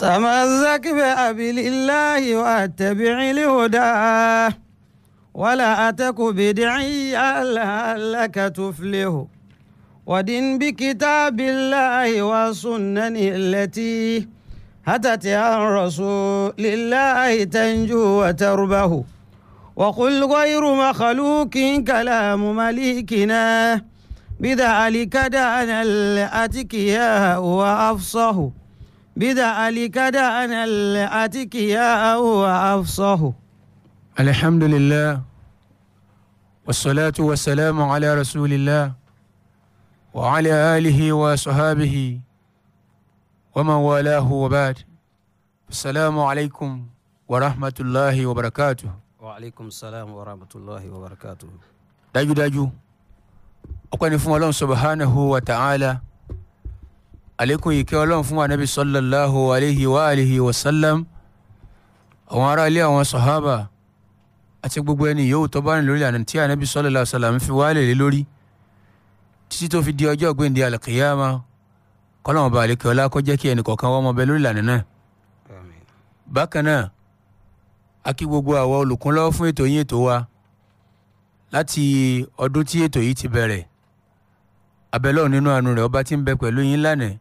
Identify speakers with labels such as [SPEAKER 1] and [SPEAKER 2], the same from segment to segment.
[SPEAKER 1] تمزك بأبي الله واتبع لهداه ولا أتك بدعيا لعلك تفله ودن بكتاب الله والسنن التي هتت عن رسول الله تنجو وتربه وقل غير مخلوق كلام مليكنا بذلك دعنا الأتكياء وأفصه بذلك
[SPEAKER 2] دعنا الأتكياء وأفصه الحمد لله والصلاة والسلام على رسول الله وعلى آله وصحابه ومن والاه وبعد السلام عليكم ورحمة الله وبركاته
[SPEAKER 1] وعليكم السلام ورحمة الله وبركاته
[SPEAKER 2] داجو داجو أقول سبحانه وتعالى àlékún ìkẹ́ ọlọ́run fún anabi sallallahu alayhi wa alihi wa sallam àwọn ará ilé àwọn sahaba àti gbogbo ẹni yòówù tó bá rìn lórí àná tí anabi sallallahu alayhi wa sallam fi wálé lé lórí títí tó fi di ọjọ́ ògbéǹde alkiyama kọ́lọ́mọba àlékẹ́ ọlá kó jẹ́ kí ẹnì kọ̀ọ̀kan wọ́n mọ bẹ lórí ìlànà náà. bákan náà a kí gbogbo àwa olùkúnlọ́wọ́ fún ètò yín ètò wa láti ọdún tí ètò yìí ti bẹ̀rẹ̀ abẹ́lọ́ọ̀ nínú àánú rẹ̀ ọba tí ń bẹ pẹ̀lú yín lánàá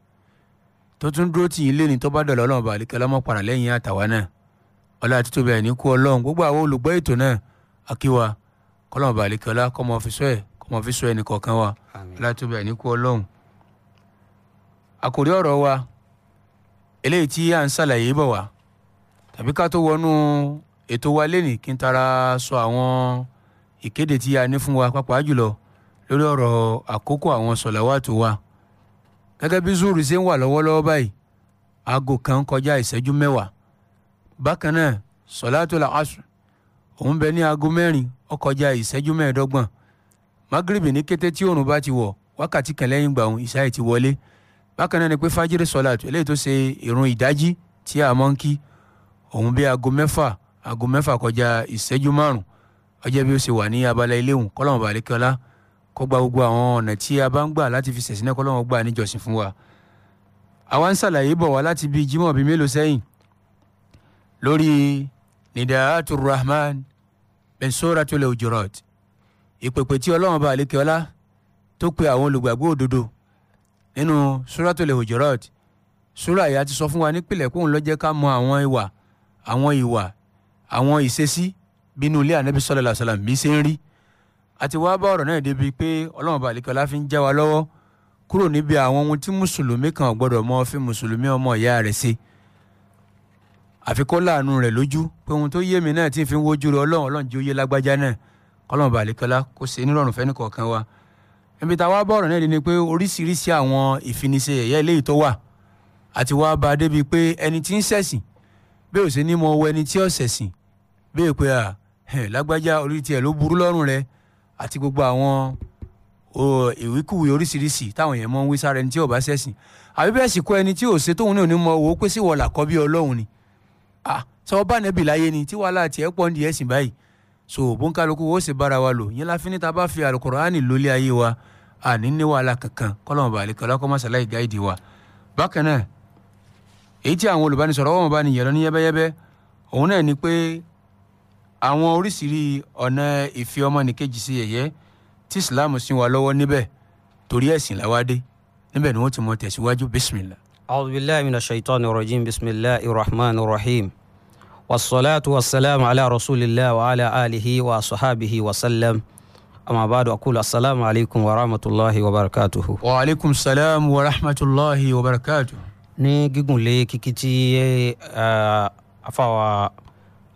[SPEAKER 2] tó tún dúró tì í lé ní tó bá dọ̀lọ́ ọlọ́run bá àlekẹ́ lọ́mọ padà lẹ́yìn àtàwa náà ọlá àtútù bẹ́ẹ̀ ní kú ọlọ́run gbogbo àwọn olùgbọ́ ètò náà akíwa kọ́lọ́run bá àlekẹ́ ọlá kọ́mọ fi sọ ẹ̀ kọ́mọ fi sọ ẹnì kọ̀ọ̀kan wa ọlá àtútù bẹ́ẹ̀ ní kú ọlọ́run. àkòrí ọ̀rọ̀ wa eléyìí tí à ń ṣàlàyé bọ̀ wá tàbí ká tó wọnú ètò wa lẹ́nìí ní fún wa gẹ́gẹ́ bí zuru ṣe ń wà lọ́wọ́lọ́wọ́ báyìí aago kan kọjá ìṣẹ́jú mẹ́wàá bákan náà sọ̀látùlà asùn òun bẹ ní aago mẹ́rin ó kọjá ìṣẹ́jú mẹ́ẹ̀ẹ́dọ́gbọ̀n magrebi ní kété tí òòrùn bá ti wọ̀ wákàtí kan lẹ́yìn gbà òun ìṣáì ti wọlé bákan náà ni pé fájírì sọ̀látù eléyìí tó ṣe ìrun ìdájí tí a mọ́ ń kí òun bí aago mẹ́fà aago mẹ́fà kọjá ìṣẹ́jú márùn-ún ọjọ́ bí ó ṣe wà ní abala ilé òun kọ́lọ́mù bàlẹ́kẹ́ọ́lá kó gba gbogbo àwọn ọ̀nà tí a bá ń gbà láti fi ṣẹ̀sìn náà kọ́ lọ́wọ́ gbà níjọsìn fún wa àwa ń ṣàlàyé bọ̀ wá láti bíi jímọ̀ bíi mélòó sẹ́yìn lórí nida'atu rahman min suratul hujurat ìpèpè tí ọlọ́run bá àlékè ọlá tó pe àwọn olùgbàgbọ́ òdodo nínú suratul hujurat sura yìí a ti sọ fún wa nípìnlẹ̀ kóun ló jẹ́ ká mọ àwọn ìwà àwọn ìwà àwọn ìṣesí bínú ilé ànábì sallallahu alaihi bí ṣe ń rí àti wá bá ọ̀rọ̀ náà débi pé ọlọ́run balẹ̀kọ́lá fi ń já wa lọ́wọ́ kúrò níbi àwọn ohun tí mùsùlùmí kan gbọ́dọ̀ mọ fi mùsùlùmí ọmọ ìyá rẹ̀ ṣe àfi kó láàánú rẹ̀ lójú pé ohun tó yé mi náà tí n fi ń wojú rẹ̀ ọlọ́run ọlọ́run jẹ́ oyé lágbájá náà kọ́lọ́run balẹ̀kọ́lá kó ṣe nírọ̀rùn fẹ́ nìkọ̀ọ̀kan wa níbi tá a wá bá ọ̀rọ̀ náà dé ni pé oríṣiríṣi àwọn ìfiniṣe ẹ̀yẹ́ eléyìí tó wà àti wá bá a débi àti gbogbo àwọn ìwíkúwí oríṣiríṣi táwọn èèyàn mọ ń wí sára ẹni tí ò bá ṣẹ̀sìn àbí bẹ́ẹ̀ sì kọ́ ẹni tí ò ṣe tóun náà ní mọ owó pé sí wọ̀là kọ́ bí ọlọ́run ni sọ bá nẹ́bì láyé ni tí wàhálà tiẹ̀ pọ̀ ní ẹ̀sìn báyìí so bóńkálukú wo ṣe bára wa lò yín láfi níta bá fi àlùkùránì lólé ayé wa àní ní wàhálà kankan kọ́lọ́mù bàálẹ̀ kọ́lá kọ́ mọ́sálá ìgáìdì wa bákan náà èyí tí àwọn olùbánisọ̀rọ̀ wọn bá ní yẹ̀rọ ní yẹ́bẹ́yẹ́bẹ́ òun náà ni pé àwọn oríṣiríṣi ọ̀nà ìfi ọmọnìkejì sí yẹ̀yẹ́ tí islam sin wa lọ́wọ́ níbẹ̀ torí ẹ̀sìn làwádé níbẹ̀ ni wọ́n ti mọ tẹ̀síwájú bisimilá. a'udhu billahi minash shaitani rajim bisimilahi
[SPEAKER 1] rahman rahim wasalaatu wasalaamu ala rasulillah wa ala alihi wa sahabihi wa salam amma baadu akulu asalaamu alaykum wa rahmatulahi wa barakatuhu.
[SPEAKER 2] wa aleykum salaam wa rahmatulahi wa barakatuhu. ní gígùn lé kíkí tí afawa. Uh, eh,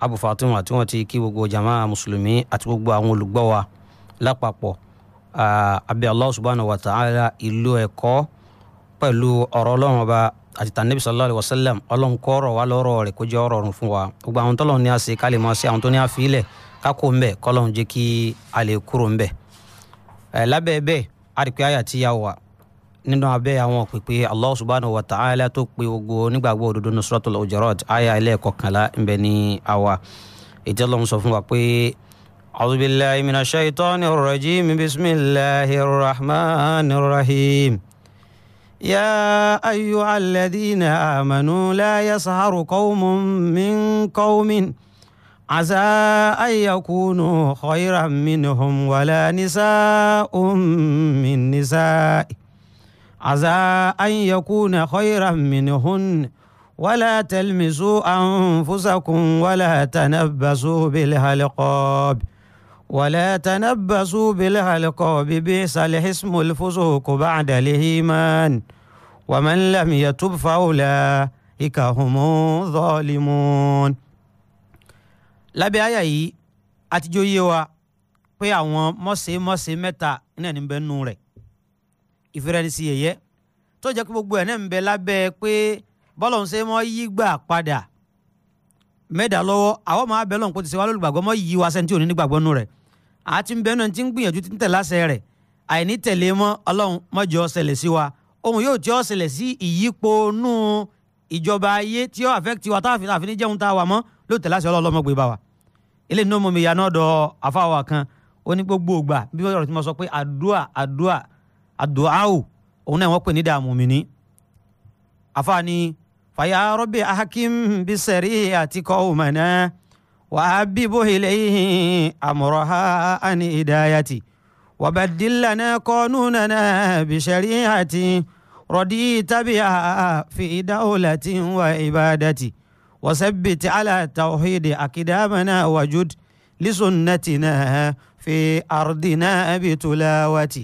[SPEAKER 2] abu fatima tí wọ́n ti kí gbogbo jamaa mùsùlùmí
[SPEAKER 1] àti gbogbo àwọn olùgbọ́ wa lápapọ̀ abẹ́ allah subhanahu wa ta'ala ìlú ẹ̀kọ́ pẹ̀lú ọ̀rọ̀ ọlọ́run ọba àti tànẹ́bí sallallahu alayhi wa sallam ọlọ́run kọ́ ọ̀rọ̀ wa lọ́rọ̀ rẹ̀ kó jẹ́ ọ̀rọ̀ ọ̀run fún wa gbogbo àwọn tọ́lọ́run ní àṣẹ ká lè máa ṣe àwọn tó ní àfihìlẹ̀ kákó ń bẹ̀ kọ́lọ́run jẹ́ kí a lè kúrò ń bẹ̀. lábẹ́ bẹ́ẹ̀ a àyà tí ya wà nínú abẹ́ àwọn pèpè allah subhanahu wa ta'ala tó pe gbogbo onígbàgbọ́ òdodo nusratul hujurat aya ẹlẹ́ẹ̀kọkànlá ńbẹ ní àwa ìtẹ́lọ́mù sọ fún wa pé a'udhu billahi minash rajim bismillahir rahmanir rahim. يا أيها الذين آمنوا لا يسهر قوم من قوم عسى أن يكونوا خيرا منهم ولا نساء من نساء عسى أن يكون خيرا منهن ولا تلمسوا أنفسكم ولا تنبسوا بالهلقاب ولا تنبسوا بالهلقاب بئس الاسم الفسوق بعد الإيمان ومن لم يتب فأولئك هم ظالمون لا àyà أتجو يوا yé مصي مصي àwọn mọ̀sẹ̀ mọ̀sẹ̀ ìfiránnisí yẹyẹ tó jẹ́ kí gbogbo ẹ̀ náà ń bẹ lábẹ́ pé bọ́lọ̀ ń ṣe mọ́ yí gbà padà mẹ́ẹ̀dá lọ́wọ́ àwọn máa bẹ̀ lọ́nkó ti ṣe wá lólùgbàgbọ́ mọ́ yí wa sẹ́ńtì òní nígbàgbọ́ nù rẹ̀ àti ń bẹ́ẹ̀ náà ti ń gbìyànjú ti ń tẹ̀ láṣẹ rẹ̀ àìní tẹ̀lé mọ́ ọlọ́run mọ́jọ́ ṣẹlẹ̀ sí wa ohun yóò tí ó ṣẹlẹ̀ sí ìyípo nú ìjọba ayé tí ó affect wa táàfin àfin ní jẹun tá a wà mọ́ ló tẹ̀ láṣẹ ọlọ́run ọmọgbé bá wa eléyìí ní ó mú mi yànnà ọ̀dọ̀ àfáwà kan ó ní gbogbo ògbà bí wọ́n sọ pé àdúà àdúà àdùáwù òun náà wọ́n pè ní dààmú mi ní. àfààní fàyà rọ́bì ahakim bisẹ̀rí àti kọ́ọ̀mọ̀nà wà á bíbó iléyìn àmọ̀rọ̀ ha àni ìdáyàtì wà bá dìlànà kọ́nù nànà bisẹ̀rí àti rọ̀dí tábìà fi ìdáhùlàtì wà ìbàdàtì wàsẹ́bìtì àlàtàwọ̀hídì àkìdámẹ́nà wàjúd lísùnàtìnà fi àrùdìnà bìtùláwàtì.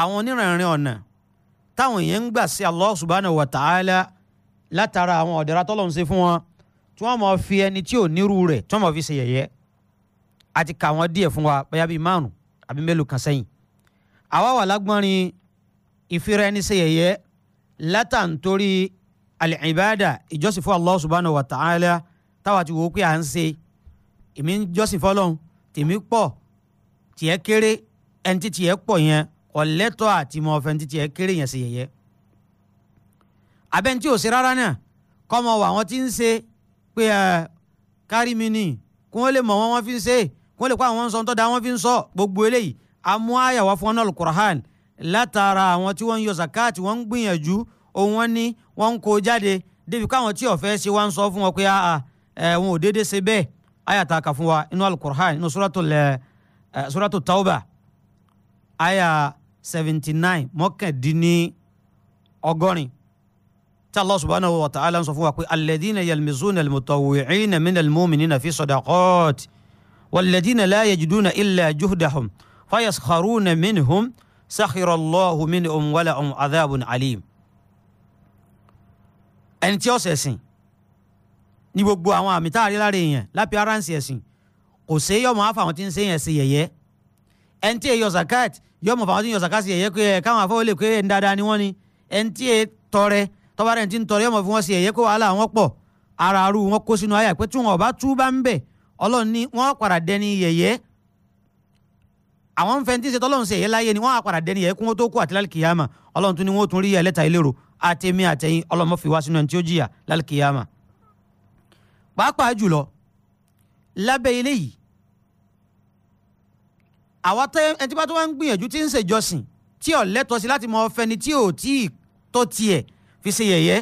[SPEAKER 1] àwọn onírànrin ọ̀nà táwọn èèyàn ń gbà sí Allah subhanahu wa ta'ala látara àwọn ọ̀dẹ̀ra tọ́lọ́run ṣe fún wọn tí wọ́n máa fi ẹni tí ò nírú rẹ̀ tí wọ́n máa fi ṣe yẹ̀yẹ́ àti kà wọ́n díẹ̀ fún wa bóyá bíi márùn àbí mélòó kan sẹ́yìn àwa wà lágbọ́nrin ìfira ẹni ṣe yẹ̀yẹ́ látàntorí al-ibada ìjọsìn fún Allah subhanahu wa ta'ala táwa ti wò ó pé à ń ṣe èmi ń jọ́sìn fọlọ́run tèmi pọ̀ tiẹ̀ kéré ẹni tí tiẹ̀ pọ̀ yẹn ọ̀lẹ́tọ̀ àti mọ ọ̀fẹ́ntìtì ẹ̀ kéré yẹn sí yẹyẹ abẹ́ntì ò sí rárá náà kọ́mọ wà wọ́n ti ń ṣe pé ẹ kárí mi nì kí wọ́n lè mọ̀ wọ́n wọ́n fi ń ṣe kí wọ́n lè kó àwọn sọ ń da wọ́n fi ń sọ gbogbo eléyìí amú àyàwó fún ọ́nà alukur'an látara àwọn tí wọ́n ń yọ zakat wọ́n ń gbìyànjú ohun wọn ní wọ́n ń kó jáde débi káwọn tí ọ̀fẹ́ ṣe wá ń sọ fún wọn pé ẹ wọn ò déédéé ṣe bẹ́ẹ̀ àyàtà kà fún wa inú alukur'an inú suratu tawba àyà seventy nine mọ́kàndínní ọgọ́rin tí allah subhanahu wa ta'ala ń sọ fún wa pé alẹ́dínà yalmizuna almutawwi'ina min almu'minina fi sadaqati walẹ́dínà la yajiduna illa juhdahum fayaskharuna minhum sakhira allahu minhum walahum adhabun alim. ẹni tí ó ṣẹ̀sìn ní gbogbo àwọn àmì tá a rí lára èèyàn lápẹ́ aránsì ẹ̀sìn kò séyọ́ mọ́ àfàwọn tí ń sẹ́yìn ẹ̀sìn yẹ̀yẹ́ ẹni tí èèyàn zakat yọmọ fàwọn tí ń yọ sàkásì ẹ̀yẹ pé ẹ̀ káwọn afọwọ́ lè pé ndada ni wọ́n ni ẹ̀ ń tí ẹ̀ tọrẹ tọ́ba rẹ̀ ń tí ń tọrẹ yọmọ fún wọn sí ẹ̀yẹ pé wàhálà wọn ara arú wọn ayà pé tí wọn ọba tú bá ń bẹ̀ ni wọ́n padà àwọn ń ṣe tọ́lọ́run sí ẹ̀yẹ láyé ni wọ́n á padà dẹni wọn tó kú àti lálùkìyàmà ọlọ́run tún ni wọ́n fi wá sínú ẹni tí ó jìyà lálùkìyàmà pàápàá jùlọ lábẹ́ ilé àwa tẹ ẹtí bá tó wá ń gbìyànjú tí ń ṣèjọsìn tí ò lẹ́tọ̀ọ́ sí láti mọ ọfẹ́ ni tí ò tí ì tó tiẹ̀ fi ṣe yẹ̀yẹ́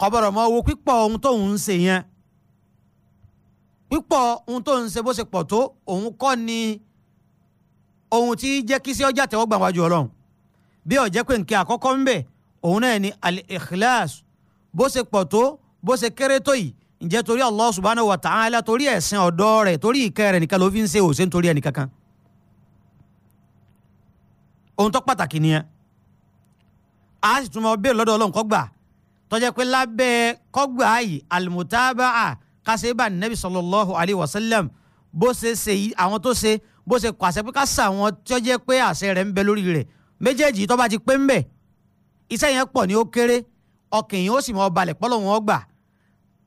[SPEAKER 1] kọ́bọ̀rọ̀ mọ owó pípọ̀ ohun tó ń ṣe yẹn pípọ̀ ohun tó ń ṣe bó ṣe pọ̀ tó òun kọ́ ni ohun tí jẹ́ kí sí ọjà tẹ́wọ́ gbà wájú ọlọ́run bí ó pé nǹkan àkọ́kọ́ ń bẹ òun náà ni al bó ṣe pọ̀ tó bó ṣe kéré tó yìí ǹjẹ́ torí Allah subhanahu wa ta'ala torí ẹ̀sìn ọ̀dọ́ rẹ̀ torí ìkẹ́ rẹ̀ nìkan ló fi ń ṣe òṣèǹtorí ẹnìkankan ohun tó pàtàkì nìyẹn a sì tún mọ bẹ́ẹ̀ lọ́dọ̀ ọlọ́run kọ́gbà tọ́jà pé lábẹ́ kọ́gbà yìí alimutaba'a kásẹ̀bà nẹ́bí sallallahu alayhi wa sallam bó ṣe ṣe yìí àwọn tó ṣe bó ṣe pàṣẹ pé ká sà wọn tọ́jà pé àṣẹ rẹ̀ ń bẹ lórí rẹ̀ méjèèjì tó bá ti pé ń bẹ̀ iṣẹ́ yẹn pọ̀ ní ó kéré ọkàn yìí ó sì mọ balẹ̀ pọ́lọ́ wọn gbà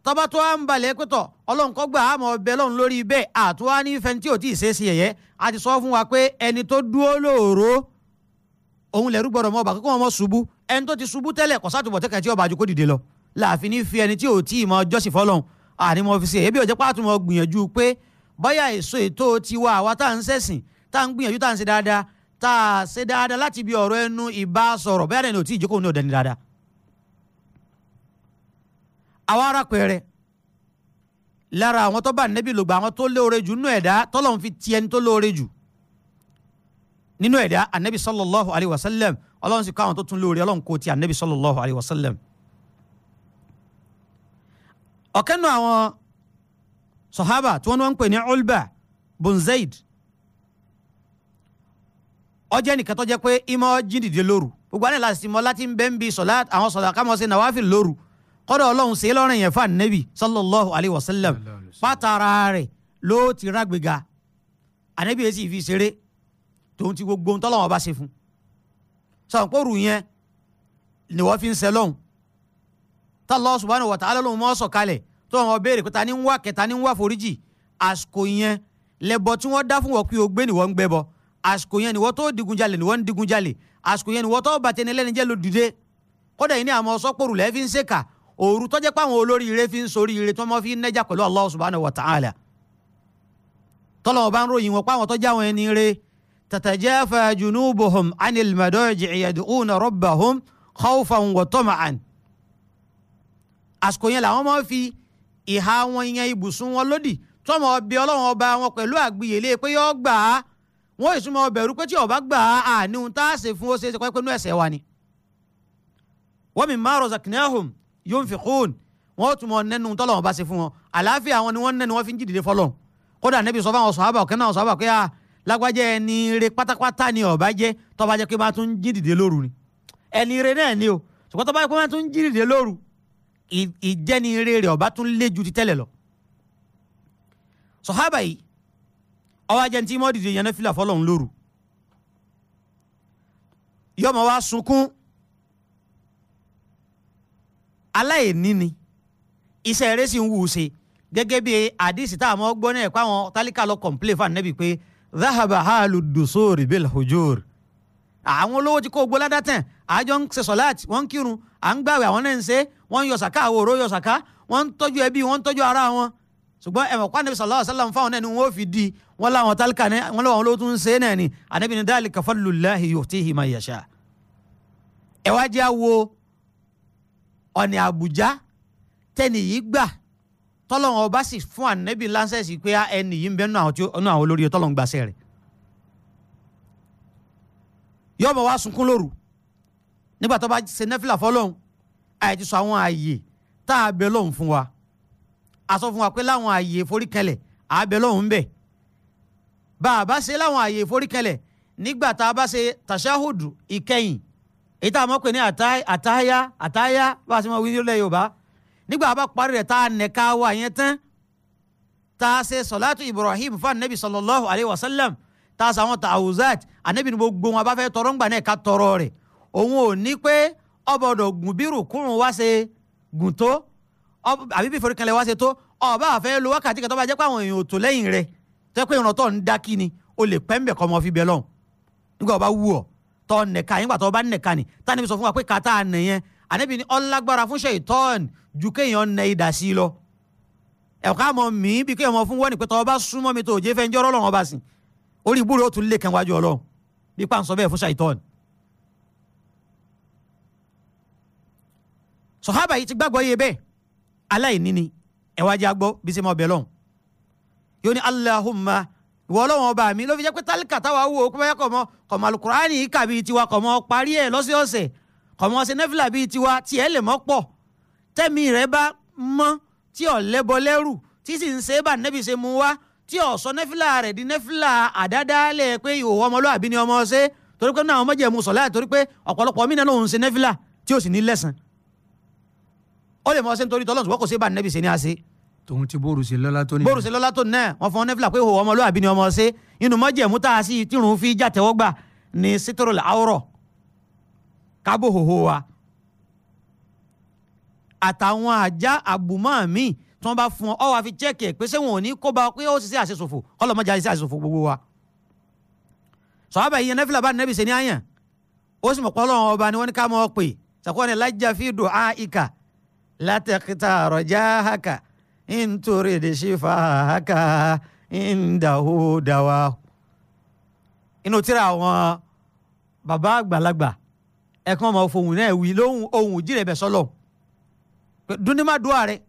[SPEAKER 1] tọ́ba tó ń balẹ̀ pẹ́tọ̀ ọlọ́run kọ́ gbà á mọ̀ lórí bẹ́ẹ̀ àtúwá ní fẹ́ntì ò tí ì ṣe é sí ẹ̀yẹ́ a sọ fún wa pé ẹni tó dúró lóòró òun lẹ̀rú gbọ́dọ̀ mọ́ ọba kókó wọn ṣubú ẹni tó ti ṣubú tẹ́lẹ̀ kọ́ sátúbọ̀ tẹ́ka tí ọba àjòkó dìde lọ láàfin ní fi ẹni tí ò tí ì mọ jọ́sìn fọlọ́hún àní mo fi ṣe ebi òjẹ́ pàtó mo gbìyànjú pé báyà èso ètò tiwa àwa tá à ń ṣẹ̀sìn tá à ń gbìyànjú tá à ń ṣe dáadáa tá a ṣe dáadáa láti bi ọ̀rọ̀ ẹnu ìbá sọ̀rọ̀ bẹ́ẹ̀ ni ò tí ì jókòó ní ọ̀dẹ́ni dáadáa. àwa ara pẹ̀rẹ̀ lára àwọn tó bá nẹ́bí lògbà àwọn tó lóore nínú ẹ̀dá anabi sallallahu alayhi wa sallam ọlọ́run sì kọ́ àwọn tó tún lóore ọlọ́run kò ti anabi sallallahu alayhi wa sallam. ọ̀kan nù àwọn sọ̀hábà tí wọ́n ń pè ní ulba bun zaid ọjọ́ ẹnìkan tó jẹ́ pé ìmọ̀ jíndìdì lóru gbogbo àná láti mọ láti ń bẹ́ ń bi sọ̀lá àwọn sọ̀lá kámọ́ sí nàwáfì lóru kọ́dọ̀ ọlọ́run sí lọ́rùn yẹn fún anabi sallallahu alayhi wa sallam pátá ara rẹ̀ ló ti rágbèga anabi yẹn sì fi ṣeré tòun ti gbogbo ohun tọ́lọ́wọ́n bá ṣe fún sọ̀pọ̀rù yẹn ni wọ́n fi ń sẹ́lọ̀hún tá Allah subhanahu wa ta'ala lóun mọ́ sọ̀kalẹ̀ tó wọn béèrè pé ta ni ń wá kẹta ni ń wá foríjì àsìkò yẹn lẹ́bọ̀ tí wọ́n dá fún wọn pé o gbé ni wọ́n ń gbẹ bọ́ àsìkò yẹn ni wọ́n tó digunjalè ni wọ́n ń digunjalè àsìkò yẹn ni wọ́n tó bàtẹni lẹ́ni jẹ́ lódìde kódà yìí ni àwọn sọ́pọ̀rù lẹ́ fi ń ṣèkà òru tọ́jẹ́ pé àwọn olórí ire fi ń sori ire tí wọ́n fi ń nẹ́jà pẹ̀lú Allah subhanahu wa ta'ala tọ́lọ́wọ́n bá ń ròyìn wọn pé tọ́jà wọn ẹni rèé تتجافى جنوبهم عن المضاجع يدعون ربهم خوفا وطمعا àsìkò yẹn làwọn máa fi ìhà wọn yẹn ibùsùn wọn lódì tọmọ ọbẹ Ọlọ́run ọba wọn pẹ̀lú àgbìyèlé pé yọ gbà á wọn èso máa bẹ̀rù pé tí ọba gbà á àní ohun tá a ṣe fún ó ṣe é ṣe pé pẹ̀lú ẹ̀ṣẹ̀ wa ni. wa mimma razaqnahum yunfiqun wọn ó tún nẹnu tọ́lọ́wọ́n ṣe fún wọn àlàáfíà wọn ni wọ́n nẹnu wọn fi ń jìdìde fọlọ́n kódà Nábì sọ fáwọn sọ̀hábà náà sọ̀hábà ọ̀kẹ́ yà lágbájá ẹni re pátápátá ni ọ̀bá jẹ́ tọ́ba jẹ́ pé máa tún jí dìde lóru ni ẹni re náà ni o ṣùgbọ́n tọ́ba jẹ́ pé máa tún jí dìde lóru ìjẹ́ni re rẹ̀ ọ̀bá tún lé ju ti tẹ́lẹ̀ lọ. sọ̀hábà yìí ọwọ́ ajẹ́ tí mọ́ọ̀dì yẹn náà fìlà fọlọ́run lóru yọmọ wa sunkún aláìní ni iṣẹ́ eré sì ń wù ú ṣe gẹ́gẹ́ bí àdìsí táwọn gbọ́ náà ẹ̀kọ́ àwọn tálíkà lọ kọ̀ǹpilẹ̀ fún ànábì pé ذهب حال dusori bil hujur àwọn olówó ti kó gbólá dátẹ̀ àjọ ń ṣe sọ̀láàtì wọ́n ń kírun à ń gbàwé àwọn náà ń ṣe wọ́n ń yọ sàká àwọn òró yọ sàká wọ́n ń tọ́jú ẹbí wọ́n ń tọ́jú ara wọn ṣùgbọ́n ẹ̀mọ̀ kó anabi sallallahu alaihi wasallam fáwọn náà ni wọ́n fi di wọ́n láwọn tálíkà ní wọ́n láwọn olówó tún ń ṣe náà ni anabi ni dhalika fadlullahi yu'tihi man yasha. ẹ wá jẹ́ àwo ọ̀nì àbújá tẹ́nì yìí gbà tọ́lọ́run ọba sì fún ànẹ́bí lánsẹ́sì pé ẹni yìí ń bẹ́ẹ̀ nínú àwọn olórí tọ́lọ́run gbàṣẹ́ rẹ̀ yóò bọ̀ wá sunkún lóru nígbà tó bá ṣe nẹ́fìlà fọlọ́run àìtí sọ àwọn ààyè tá a bẹ lọ́hùn fún wa a sọ fún wa pé láwọn ààyè foríkẹlẹ̀ à bẹ lọ́hùn bẹ̀ bá a bá ṣe láwọn ààyè foríkẹlẹ̀ nígbà tá a bá ṣe tàṣáhùdù ìkẹyìn èyí tá a mọ̀ pé ní àtáyá àtáyá bá a ṣe mọ̀ wí Yorùbá nígbà bá parí rẹ̀ tá a nẹ̀ka wa yẹn tán tá a ṣe sọ̀látù ibrahim fún anabi sallallahu alayhi wa sallam tá a sàwọn tàwùzàt anabi ni gbogbo wọn bá fẹ́ tọrọ ńgbà náà ká tọrọ rẹ̀ òun ò ní pé ọbọdọ̀ gùn bírù kúrùn wá ṣe gùn tó àbí bí ìforíkanlẹ̀ wá ṣe tó ọba àfẹ́ lo wákàtí kan tó bá jẹ́ pé àwọn èèyàn ò tó lẹ́yìn rẹ̀ tẹ́ pé ìrántọ́ ń dá kí ni o lè pẹ́ ń bẹ̀ fi bẹ̀ lọ́hùn nígbà ọba wù ọ́ tọ́ nẹ̀ka yín gbà tọ́ ọba nẹ̀ka ni tani mi sọ fún wa pé kàtà nìyẹn ànábì ní ọlágbára fún ṣèitọ́ọ̀nì ju kéèyàn nẹ idà sí i lọ ẹ̀ka mọ̀ mí bí kéèyàn mọ̀ fún wọ́n ní pé tọ́ ọba súnmọ́ mi tó òjé fẹ́ ń jọ́rọ́ lọ́wọ́ ọba sìn orí ìbúrò tún lè kàn wájú ọlọ́run bí pa ń sọ bẹ́ẹ̀ fún ṣèitọ́ọ̀nì. sọ̀hábà yìí ti gbàgbọ́ iye bẹ́ẹ̀ aláìní ni ẹ̀wájú agbọ́ bí sẹ́mọ̀ ìwọ ọlọ́wọ́n ọba mi ló fi jẹ́ pé tálíkà táwa wò ó pé kọ̀mọ́ kọ̀mọ́ alukurani kàbí tiwa kọ̀mọ́ parí ẹ̀ lọ́sọ̀ọ̀sẹ̀ kọ̀mọ́ ṣe nẹ́fìlà bíi tiwa tiẹ̀ lè mọ́ pọ̀ tẹ́mi rẹ̀ bá mọ́ tí ò lẹ́bọ lẹ́rù tí sì ń ṣe é bá nẹ́bì ṣe mu wá tí ò sọ nẹ́fìlà rẹ̀ di nẹ́fìlà àdádálẹ̀ pé ìhòòhò ọmọlúwàbí ni ọmọ ṣe torí pé náà ọmọ jẹ̀mú sọ̀lá torí pé ọ̀pọ̀lọpọ̀ mí náà ń ṣe nẹ́fìlà tí ò sì ní lẹ́sàn ó lè mọ ṣe nítorí tọ́lọ́sùn wọ́n
[SPEAKER 2] kò tòun ti bóòrù sí lọ́lá tó
[SPEAKER 1] ní. bóòrù sí lọ́lá tó ní ẹ̀ wọ́n fọ́n nẹ́fìlà pé ìhòòhò ọmọlúwàbí ni ọmọ ṣe inú mọ́jẹ̀mú tá a sì tìrùn fi jàtẹ́wọ́gbà ní sítírọ̀lì àwòrán kábò hòhò wa àtàwọn àjá àbùmọ́ mi tí wọ́n bá fún ọ ọ wàá fi chẹ́ẹ̀kì ẹ̀ pé ṣé wọn ò ní kó bá pé ó sì sí àṣeṣòfò ọlọ́mọdé àṣeṣe àṣeṣòfò gbogbo wa sọ̀rọ̀ báyìí nẹ́fìlà bá nẹ́bì ṣe ní àyàn ó sì mọ̀ pé ọlọ́run ọba ni wọ́n ní ká mọ́ ọ pè sàkóyè ni lájà fi dùn á ìkà látẹ̀kítà rọ̀já hàkà nítorí ìdíṣífà hàkà ìdáhùdáwà inú tíra àwọn bàbá àgbàlagbà ẹ̀kan ọmọ òfòhùn náà wí lóhùn ohùn òjìrè bẹ̀ sọ́lọ̀ dúndín má dúà rẹ̀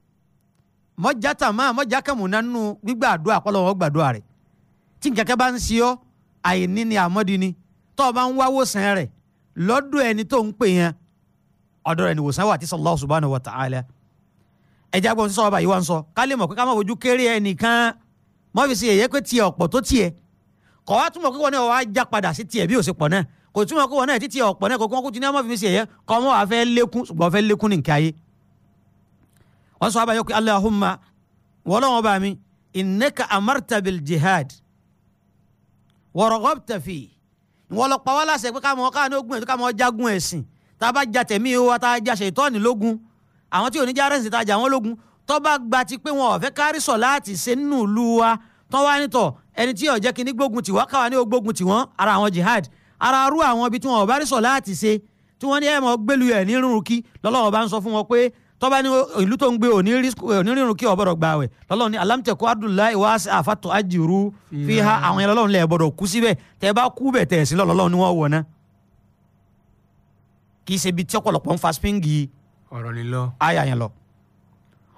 [SPEAKER 1] mọ́jà tàmá mọ́jà kẹ̀mù nánú gbígbà àdúà kọ́lọ́ wọn gbàdúà rẹ̀ tí kẹ̀kẹ́ bá ń ṣe ọ́ àìní ni àmọ́dí ni tọ́ ọ bá ń wáwó sàn rẹ̀ lọ́dọ̀ ẹni tó ń pè yẹn ọ̀dọ̀ rẹ̀ ni wòsàn wà tí Allah subhanahu wa ta'ala ẹ̀jẹ̀ agbọ̀n sísọ ọba yìí wá ń sọ ká lè mọ̀ pé ká má fojú kéré ẹnìkan mọ́ fi ṣe èyẹ pé tiẹ̀ ọ̀pọ̀ tó tiẹ̀ kọ́ wa túmọ̀ pé wọ́n ní ọ̀ wá já padà sí tiẹ̀ bí ó ṣe pọ̀ náà kò túmọ̀ kó wọn náà títí ọ̀pọ̀ náà kò kí wọ́n kú ti ní ọmọ fi mi sí ẹ̀yẹ kọ́ ọmọ wa fẹ́ lékún ṣùgbọ́n fẹ́ lékún ní nǹkan wọ́n sọ abáyọ pé Allahumma wọ́lọ́wọ́ bá mi innaka amarta bil jihad wa raghabta fi ìwọ́n lọ pa wá láṣẹ pé káwọn káwọn ní ogun ẹ̀ tó káwọn jagun ẹ̀sìn tá a bá ja tẹ̀mí wa tá a ja ṣètọ́ọ̀nì lógun àwọn tí ò ní já rẹ̀sìn tá ja wọn lógun tó gba ti pé wọn ò kárí sọ̀ láti ṣe nínú ìlú wa tó nítọ̀ ẹni tí ó jẹ́ kí ní gbógun tiwọn káwa ní ó gbógun tiwọn ara àwọn jihad ara arú àwọn ibi tí wọn ò bá rí sọ láti ṣe tí wọn ní ẹ̀ mọ́ gbẹ́lu ẹ̀ ní rírun kí lọ́lọ́wọ́ bá ń sọ fún wọn pé tọ́ba ní ìlú tó ń gbé onírìnrìn kí ọ̀bọ̀dọ̀ gbà wẹ̀ lọ́lọ́ ní alámtẹ̀kọ́ adùnláì wá sí àjìrú fi ha àwọn yẹn lọ́lọ́ nílẹ̀ ọ̀bọ̀dọ̀ kú síbẹ̀ tẹ́ bá kú bẹ̀ tẹ̀ sí lọ́lọ́ ní wọ́n wọ̀ ná. kì í ṣe ibi tí ọ̀pọ̀lọpọ̀ ń fa spingi
[SPEAKER 2] ọ̀rọ̀ ni lọ àyà yẹn
[SPEAKER 1] lọ.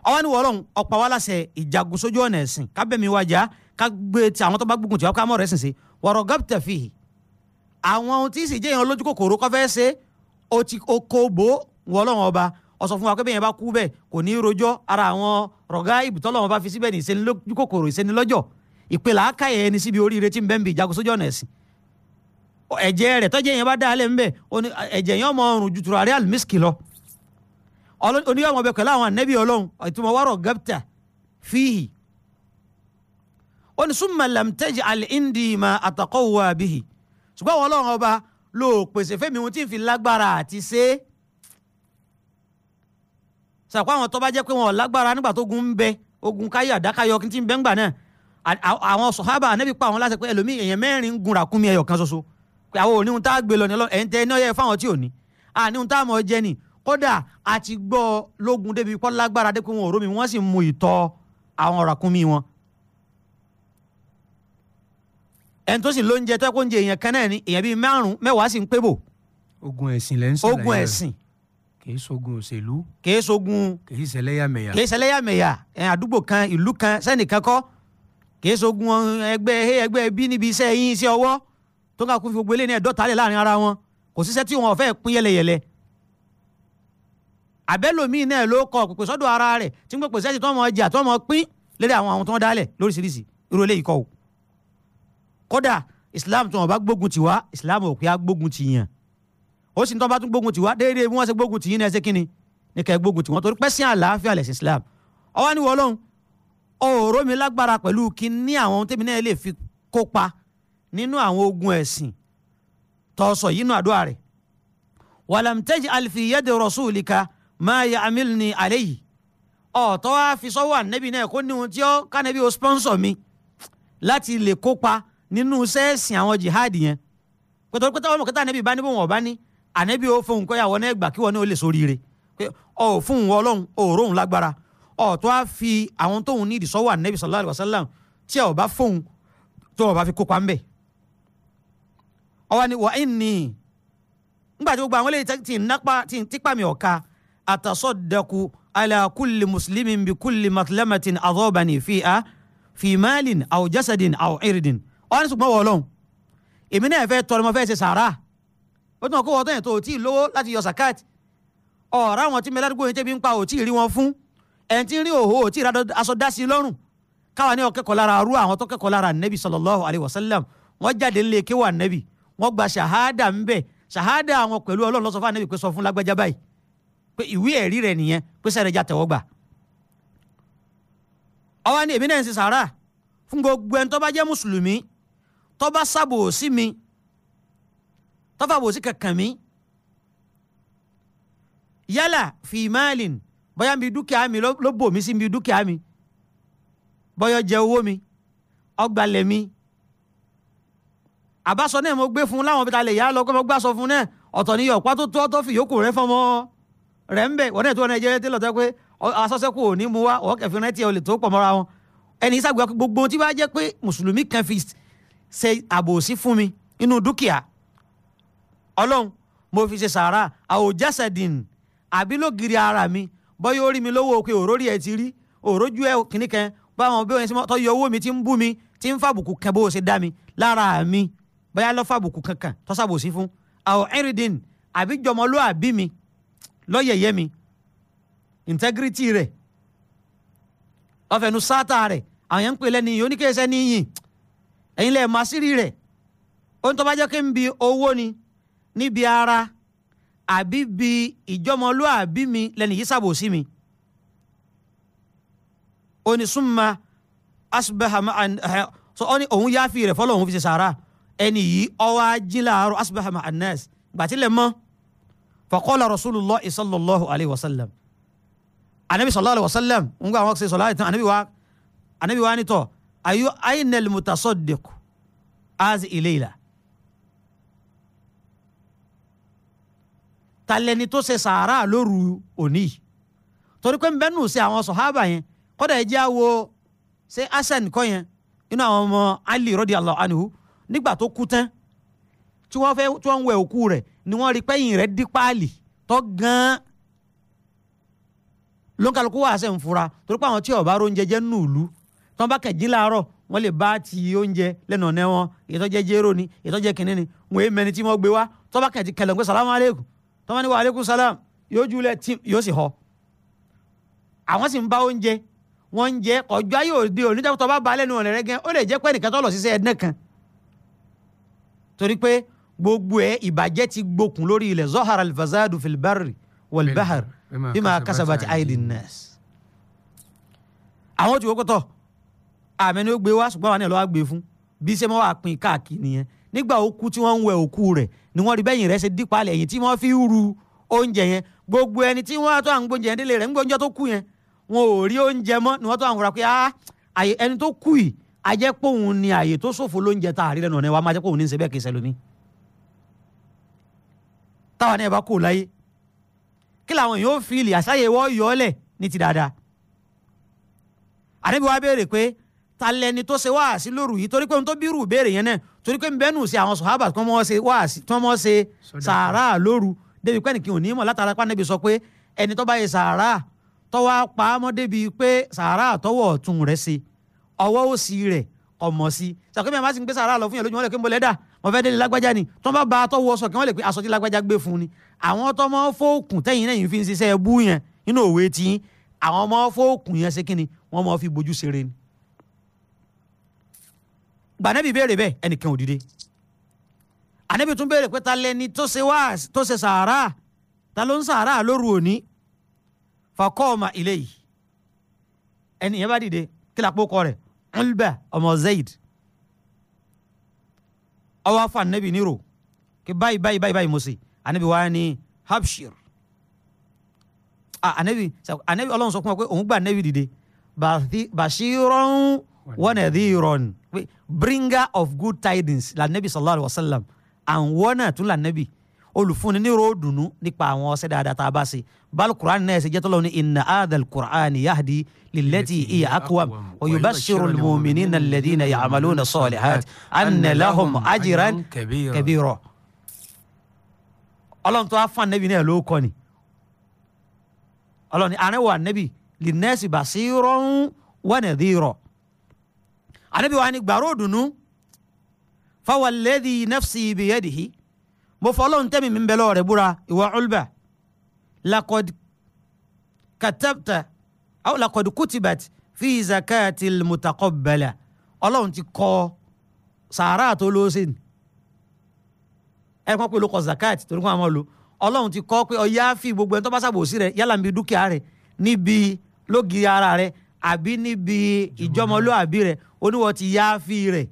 [SPEAKER 1] ọwọ́ ni wọ́ọ́rọ̀ ọ̀pá wa láṣẹ ìjagun sójú ọ̀nà ẹ̀sìn kábẹ́mi wájà ká gbé ti àwọn tó bá gbógun tì wá ká mọ̀ rẹ̀ sìn sí wọ̀rọ̀ gọ́pítẹ̀ fìhì àwọn ohun tí sì jẹ́ ìyẹn olójú kòkòrò kọ́ fẹ́ẹ́ ṣe ó ti kó bó wọ ọlọ́run ọba ó sọ fún wa pé bẹ́ẹ̀ yẹn bá kú bẹ́ẹ̀ kò ní í rojọ́ ara àwọn rọ̀gá ibùtọ́ lọ́wọ́ bá fi síbẹ̀ ní ìsenilójú kòkòrò ìsenilọ́jọ́ ìpìlẹ̀ àkàyè ẹni síbi oríire tí ń bẹ́ẹ̀ ń bì ìjagun sójú ọ̀nà ẹ̀sìn ẹ̀jẹ̀ rẹ̀ tọ́jú yẹn bá dá alẹ́ ńbẹ̀ ẹ̀jẹ̀ yẹn ọmọ ọrùn ju tùràrí àlùmísìkì lọ oníyàwó ọbẹ̀ pẹ̀lú ṣùgbọ́n àwọn ọlọ́run ọba ló pèsè fẹ́mi ohun tí ń fi lágbára àti ṣe é sàpá àwọn tó bá jẹ́ pé wọn ò lágbára nígbà tó gun ń bẹ ogun káyé àdákáyọ tí ń bẹ ń gbà náà àwọn sọ̀hábà ànábì pa àwọn láti pé ẹlòmíì èèyàn mẹ́rin ń gun ràkúnmí ẹyọ kan ṣoṣo pé àwọn òní ohun tá gbé lọ ní ọlọ́run ẹ̀yìn tẹ iná yẹ fáwọn tí ò ní àní ohun tá a jẹ ni kódà àti gbọ́ lógun débi pọ́ lágbára dé pé wọn ò rómi wọ́n sì mu ìtọ̀ àwọn ràkúnmí wọn ẹni tó sì ló ń jẹ tẹ́kọ̀ oúnjẹ èèyàn kan náà ni èèyàn bíi márùn-ún mẹ́wàá sì ń pébò. ogun ẹ̀sìn lẹ́ ń sọ̀rọ̀ ogun ẹ̀sìn.
[SPEAKER 2] kìí sogun òṣèlú. kìí sogun. kìí ṣẹlẹ́yàmẹ̀yà. kìí ṣẹlẹ́yàmẹ̀yà
[SPEAKER 1] àdúgbò kan ìlú kan sẹ́nìkan kọ́ kìí sogun ẹgbẹ́ ẹgbẹ́ bí níbi iṣẹ́ yín iṣẹ́ ọwọ́ tó ká kú fi gbogbo eléyìí dọ́ta lẹ̀ láàrin ara wọn kò síṣẹ́ tí wọn ò fẹ́ pín yẹlẹyẹlẹ àbẹ́lòmíì náà ló kọ pèpè sọ́dọ̀ ara rẹ̀ tí ń pèpè sẹ́sì tó mọ̀ ọjà tó mọ̀ pín lórí àwọn àwọn tó ń dálẹ̀ lóríṣiríṣi irú eléyìí kọ́ o kódà islam tí wọn bá gbógun tì islam ò pé á gbógun tì yàn ó sì ń tọ́ bá tún gbógun tì wá déédéé bí wọ́n ṣe gbógun tì yín náà ṣe kíni ní kẹ́ gbógun tì torí pẹ́ sí àlàáfíà lẹ̀sìn islam ọwọ́ ni wọ́n lọ́hùn ọ̀rọ̀ mi lágbára pẹ̀lú kí ní àwọn ohun tèmi náà lè fi kópa nínú àwọn ogun ẹ̀sìn tọ́sọ̀ yìí nù àdúrà rẹ̀ wàlàmtẹ́jì àlìfìyẹ́dẹ rọ̀ṣúlìka máa yẹ amílni àlẹ́ yìí ọ̀tọ́ wa fi sọ́wọ́ ànẹ́bí náà kó ní ohun tí ó kánẹ́bí o sponsor mi láti lè kópa nínú sẹ́ẹ̀sìn àwọn jihad yẹn pẹ̀tọ́ pẹ̀tọ́ ọmọ kẹta ànẹ́bí bá ní bóun ọ̀bá ní ànẹ́bí ó fóun kọ́ yàwọ́ náà gbà kí wọ́n ní ó lè sóríire pé ọ ò fóun ọlọ́run òòrùn lágbára ọ̀tọ́ á fi àwọn tóun ní ìdìsọ́wọ́ ànẹ́bí sallallahu alaihi wasallam tí ẹ ò bá fóun tó o bá fi kópa ńbẹ. ọwọ́ ni wọ́n ń ní ngbà tí muslimin bi kulli matlamatin adọ́bani fi'a fi malin aw jasadin aw irdin ọ ní ṣùgbọ́n wọ ọlọ́run èmi náà fẹ́ tọrọ mo fẹ́ ṣe sàárà ó tún kó wọ́n tẹ̀yìn tó ò tí ì lówó láti yọ sàkáàtì ọ̀rọ̀ àwọn tí mẹlẹ́dúgbò yẹn tẹ́bi ń pa ò tí ì rí wọn fún ẹni tí ń rí òhò ò tí ì aṣọ dá sí lọ́rùn káwa ní ọkẹ́kọ̀ọ́ lára arú àwọn tó kẹ́kọ̀ọ́ lára nẹ́bí sallallahu alaihi wasallam wọ́n jáde ńlẹ̀ kéwà nẹ́bí wọ́n gba ṣàhádà ńbẹ̀ ṣàhádà àwọn pẹ̀lú ọlọ́run lọ́sọ̀fà nẹ́bí pé sọ fún lágbájá báyìí pé ìwé ẹ̀rí rẹ̀ nìyẹn pé tọ́ba sábòsí mi tọ́fàbòsí kankan mi yálà fìmáàlìn bóyá mi dúkìá mi ló bò mí sí mi dúkìá mi bóyá jẹ owó mi ọgbàlẹ̀ mi àbáṣọ náà mo gbé fún láwọn bíi ta lè yá lọ kó mo gbàṣọ fún náà ọ̀tọ̀ ni ọ̀pá tó tó tó fi yòókù rẹ fọmọ rẹ̀ ń bẹ̀ wọ́n tó wọn náà jẹ́ tẹ́lọ̀ tẹ́ pé asọ́sẹ́kù ò ní mu wá ọ̀kẹ́fin rẹ̀ tiẹ̀ ò lè tó pọ̀ mọ́ra wọn ẹni gbogbo tí bá jẹ́ pé mùsùlùmí kan fi ṣe àbòsí fún mi inú dúkìá ọlọ́run mo fi ṣe sàárà àwòjásẹ̀dìn àbí lógiri ara mi bọ́yá ó rí mi lówó pé òrórí ẹ ti rí òrójú ẹ kìnnìkan báwọn bí wọn ṣe tọ́ yọ owó mi ti ń bú mi ti ń fàbùkù kan bó ṣe dá mi lára mi bóyá lọ́ fàbùkù kankan tó ṣàbòsí fún àwọn ẹ̀rìndín àbí jọmọlúàbí mi lọ́yẹ̀yẹ́ mi integrity rẹ̀ ọ̀fẹ́nu sátà rẹ̀ àwọn yẹn ń pè lẹ́ni yìí oníkẹ́sẹ́ níyìn ẹ̀yin lẹ́ẹ̀ máa sírí rẹ̀ ohun tó bá jẹ́ kí n bi owó ni níbi ara àbí bi ìjọmọlúàbí mi lẹ́nu yìí ṣàbòsí mi ó ní súnmọ́ asbaha ma'an so ó ní òun yá fi rẹ̀ fọlọ́ òun fi ṣe sàrà ẹni yìí ọwọ́ ajín láàárọ̀ asbaha ma'an nas gbàtílẹ̀ mọ́ faqala rasulullah sallallahu alayhi wa sallam anabi sallallahu alayhi wa sallam ń gbà wọn ṣe sọlá ìtàn anabi wa anabi wa ni tọ́ ayo ainel mutasaddiq az ilayla talẹni tó ṣe sàárà lóru òní torí pé nbẹ nù sí àwọn sọhábà yẹn kódà ẹ jẹ́ àwo ṣe hasan kọ́ yẹn inú àwọn ọmọ ali radiyallahu anhu nígbà tó kú tán tí wọ́n fẹ́ tí wọ́n wẹ òkú rẹ̀ ni wọ́n rí pẹ́yìn rẹ̀ dí páàlì tó gan-an lóńkàlùkù wàásẹ̀ ń fura torí pé àwọn tí ọ̀bá ronjẹjẹ nù tọ́ bá kẹ̀jí láàárọ̀ wọ́n lè bá ti oúnjẹ lẹ́nu ọ̀nẹ́ wọn ìtọ́jẹ́ jéró ni ìtọ́jẹ́ kìnní ni wọ́n èé mẹni tí wọ́n gbé wá tọ́ bá kẹ̀jí kẹlẹ̀ ń pé salamu aleykum tọ́ bá ní wa aleykum salam yóò júlẹ̀ tí yóò sì họ. àwọn sì ń bá oúnjẹ wọ́n ń jẹ ọjọ́ ayé òde òní tọ́ bá ba lẹ́nu ọ̀nẹ́ rẹ gan ó lè jẹ́ pé nìkan tó lọ síṣẹ́ ẹ̀dínà kan torí pé gbogbo ẹ̀ ìbàjẹ́ ti gbókun lórí ilẹ̀ zọ́hara alfasadu filbari walbahar bima kasabati aidin nas. àwọn tí wọ́n kọ́tọ̀ àmẹ́ni ó gbé wá ṣùgbọ́n àwọn ẹ̀lọ́wà gbé fún bí ṣe mọ́ wà pin káàkiri nìyẹn nígbà òkú tí wọ́n ń wẹ òkú rẹ̀ ni wọ́n rí bẹ́yìn rẹ̀ ṣe dípalẹ̀ ẹ̀yìn tí wọ́n fi ru oúnjẹ yẹn gbogbo ẹni tí wọ́n tó àwọn gbóúnjẹ yẹn délé rẹ̀ nígbóúnjẹ tó kú yẹn wọn ò rí oúnjẹ mọ́ ni wọ́n tó àwọn rà pé ẹni tó kú yìí ajẹ́ pòun ni àyè tó ṣòfò lóúnjẹ tá a rí lẹ́nu ọ̀nà máa jẹ́ ta lẹni tó ṣe wáàsí lóru yìí torí pé ohun tó bí rú ìbéèrè yẹn náà torí pé nbẹ́nu sí àwọn sọ̀hábà tí wọ́n ṣe wáàsí tí wọ́n ṣe sàárà lóru débi pé nìkan ò ní mọ̀ látara pa níbi sọ pé ẹni tó bá yẹ sàárà tọ́wọ́ pamọ́ débi pé sàárà tọwọ́ ọ̀tún rẹ̀ ṣe ọwọ́ òsì rẹ̀ ọmọ sí sàkómi àmásí ń gbé sàárà lọ fún yẹn lójú wọn lè pé ń bọ lẹ́dà wọn fẹ́ délé lágbájá ni tó bá ba tọwọ́ ọsọ kí wọ́n lè pé aṣọ tí lágbájá gbànẹ́bí béèrè bẹ́ẹ̀ ẹnìkan ò dìde ànẹ́bí tún béèrè pé ta lẹni tó ṣe wá tó ṣe sàárà ta ló ń sàárà lóru òní fakọ́ọ̀mà ilé yìí ẹni yẹn bá dìde kí la kpókọ rẹ̀ ọlbẹ ọmọ zayid ọwọ́ afọ ànẹ́bí nírò kí báyìí báyìí báyìí báyìí mo ṣe ànẹ́bí wá ní habshir ànẹ́bí ọlọ́run sọ fún wa pé òun gba ànẹ́bí dìde bàṣírọ́n wanadhiron bringer of good tidings lànàbì sallallahu alayhi wa sallam àwọn wọnà tún lànàbì olùfúnni ní ròdùnú nípa àwọn ọsẹ dáadáa tá a bá ṣe bal quran náà ṣe jẹ́ tọ́lọ́ inna adal quran yahdi lilati iya akwam wa yubashiru almu'minina alladhina ya'maluna salihat anna lahum ajran kabira. ọlọ́run tó a fún anabi náà ló kọ́ ni ọlọ́run ni àárẹ̀ wà anabi linẹ́ẹ̀sì basiron wa nadhira anabi wa ni gbàrú dùnú fawalẹ́dì nafsi biyadihi mo fọlọ́n tẹ́mi mi bẹ́ lọ́ọ̀rẹ́ búra ìwà ulba lakod katabta aw lakod kutibat fi zakati mutaqabbala ọlọ́run ti kọ́ sàárà tó lóṣìn ẹ kọ́ pé ló kọ zakat torí kọ́ àwọn lò ọlọ́run ti kọ́ pé ọ̀yá fi gbogbo ẹni tó bá ṣàbòsí rẹ̀ yálà níbi dúkìá rẹ̀ níbi lógiri ara rẹ̀ àbí níbi ìjọmọlúàbí rẹ̀ oníwọ̀ ti yááfì rẹ̀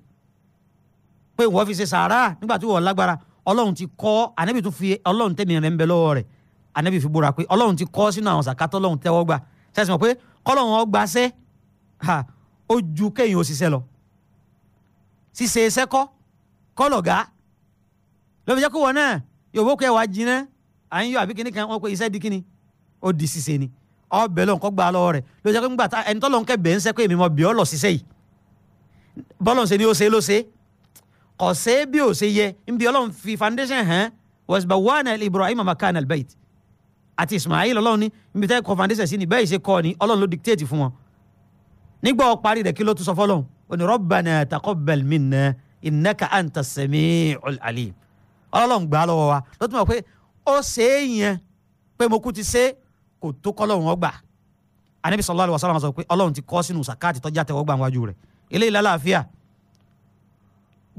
[SPEAKER 1] pé wọ́n fi ṣe sàárà nígbà tí wọ́n lágbára ọlọ́run ti kọ́ ànábì tún fi ọlọ́run tẹ̀mí rẹ̀ ń bẹ lọ́wọ́ rẹ̀ ànábì fi búra pé ọlọ́run ti kọ́ sínú àwọn sàkátọ́ ọlọ́run tẹ́wọ́ gbà ṣẹ́sì mọ̀ pé kọ́lọ́run ó gbaṣẹ́ ó ju kéèyàn ó ṣiṣẹ́ lọ ṣíṣe iṣẹ́ kọ́ kọ́lọ̀gá ló fi jẹ́ kó wọ náà yòówó kẹ́ jiná à ni ọbẹ̀ lọ́nkọ́ gba lọ́wọ́ rẹ̀ ló jẹ́ pé ńgbà ẹni tọ́lọ́ ń kẹ́bẹ̀ẹ́ ń sẹ́ pé èmi mọ bí ọ́ lọ ṣiṣẹ́ yìí bọ́lọ̀ ṣe ni ó ṣe ló ṣe kò ṣe bí ó ṣe yẹ nbí ọlọ́run fi foundation hàn wasbawana Ibrahim makana albayt àti Ismail ọlọ́run ní nbí tẹ́ kọ foundation sí ni bẹ́ẹ̀ ṣe kọ́ ni ọlọ́run ló dictate fún wọn nígbà ó parí rẹ̀ kí ló tún sọ fọlọ́run ó ní Rabbana alim ọlọ́run gbà lọ́wọ́ wa lọ́tún mọ̀ pé ó ṣe é kò tó kọ́lọ́hún ọgbà anabi sallallahu alaihi wasallam sọ pé ọlọ́run ti kọ́ sínú sàkáàtì tọ́jà tẹ́wọ́ gbà wájú rẹ̀ eléyìí lálàáfíà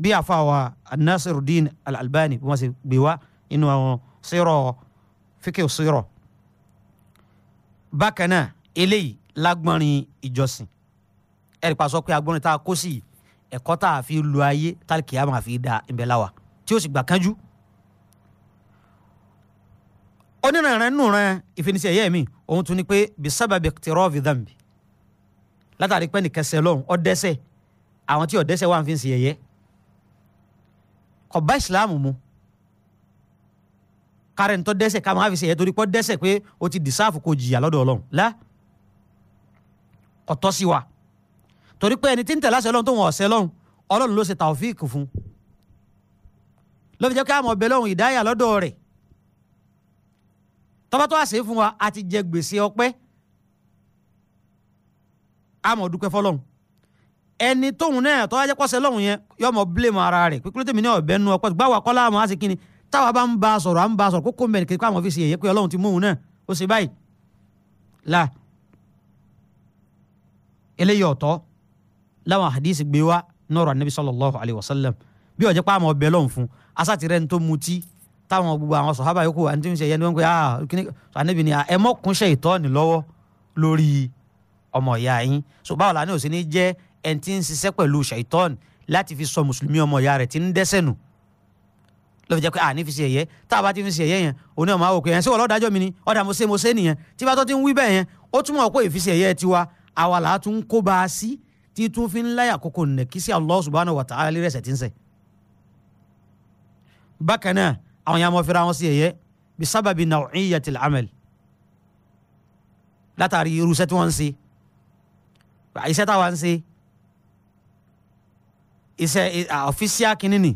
[SPEAKER 1] bí àfàwà Nasiruddin al-Albani bí wọ́n ṣe gbé wá inú àwọn sírọ̀ fíkẹ́ sírọ̀ bákan náà eléyìí lágbọ́nrin ìjọsìn ẹ̀rí pa sọ pé agbọ́nrin tá a kó sí ẹ̀kọ́ tá a fi lu ayé tálíkì á máa fi da ìbẹ̀láwa tí ó sì gbà kánjú onírànràn nù ràn ìfinisí ẹ̀yẹ́ mi òun tún ni pé bisababi tìrọ́ọ̀fì dàmbì látàrí pé nìkẹsẹ̀ lọ́hùn ó dẹ́ṣẹ̀ àwọn tí ó dẹ́ṣẹ̀ wà ń fi ń sí ẹ̀yẹ́ kò bá ìsìláàmù mu kárẹ̀ tó dẹ́ṣẹ̀ ká máa fi ṣe ẹ̀yẹ́ torí pé dẹ́ṣẹ̀ pé o ti dìsáàfù kò jìyà lọ́dọ̀ ọlọ́run lá ọ̀tọ́ sí wa torí pé ẹni tí ń tẹ̀lé àṣẹ ọlọ́run tó wọn ọ̀sẹ̀ lọ́hùn ọlọ́run ló ṣe tàwọ́fíìkì fún ló fi jẹ́ kí àwọn ọbẹ̀ lọ́hùn ìdáyà lọ́dọ̀ rẹ̀ tọ́ba tó àṣẹ fún wa a ti jẹ gbèsè ọpẹ́ àmọ́ dúpẹ́ fọlọ́hún ẹni tóun náà tọ́wá jẹ́ pọ́sẹ̀ lọ́hùn yẹn yọ ọmọ blame ara rẹ̀ pípẹ́ tèmi ní ọ̀bẹ nu ọpẹ́ gbáwá kọ́lá àmọ́ á sì kíni táwa bá ń ba sọ̀rọ̀ à ń ba sọ̀rọ̀ kókó mẹ́rin kékeré àwọn fi ṣe èyẹ pé ọlọ́run ti mú òun náà ó ṣe báyìí la eléyìí ọ̀tọ̀ láwọn àdìsí sallallahu alayhi wa sallam bí ọ̀jẹ̀ pa àmọ́ ọbẹ̀ lọ́hùn fún táwọn gbogbo àwọn sọ̀hábà yòókù àni tí ń ṣe yẹn wọ́n pé ah kíní ànábì ni ah, ẹ mọ́kúnṣẹ́ ìtọ́ni lọ́wọ́ lórí ọmọ ìyá yín so báwo la ní òsín ní jẹ́ ẹni tí ń ṣiṣẹ́ pẹ̀lú ṣàìtọ́ni láti fi sọ mùsùlùmí ọmọ ìyá rẹ̀ tí ń dẹ́ṣẹ̀ nù lọ́fi jẹ́ pé àní ah, fi ṣe ẹ̀yẹ tá a bá ti fi ṣe ẹ̀yẹ yẹn òní ọmọ àwòkè yẹn sí wọ́n mi ni ọ̀dà mo ṣe mo ṣe nìyẹn tí bá tó ti ń wí bẹ́ẹ̀ yẹn ó túmọ̀ pé Allah subhanahu wa ta'ala lérẹ̀ṣẹ̀ tí ń bákan náà àwọn yẹn mọ fira wọn sí yẹyẹ bí sábàbí naw'iyatil amal látàrí irúṣẹ́ tí wọ́n ń ṣe iṣẹ́ táwa ń ṣe iṣẹ́ ọ̀fíìsì akínní ni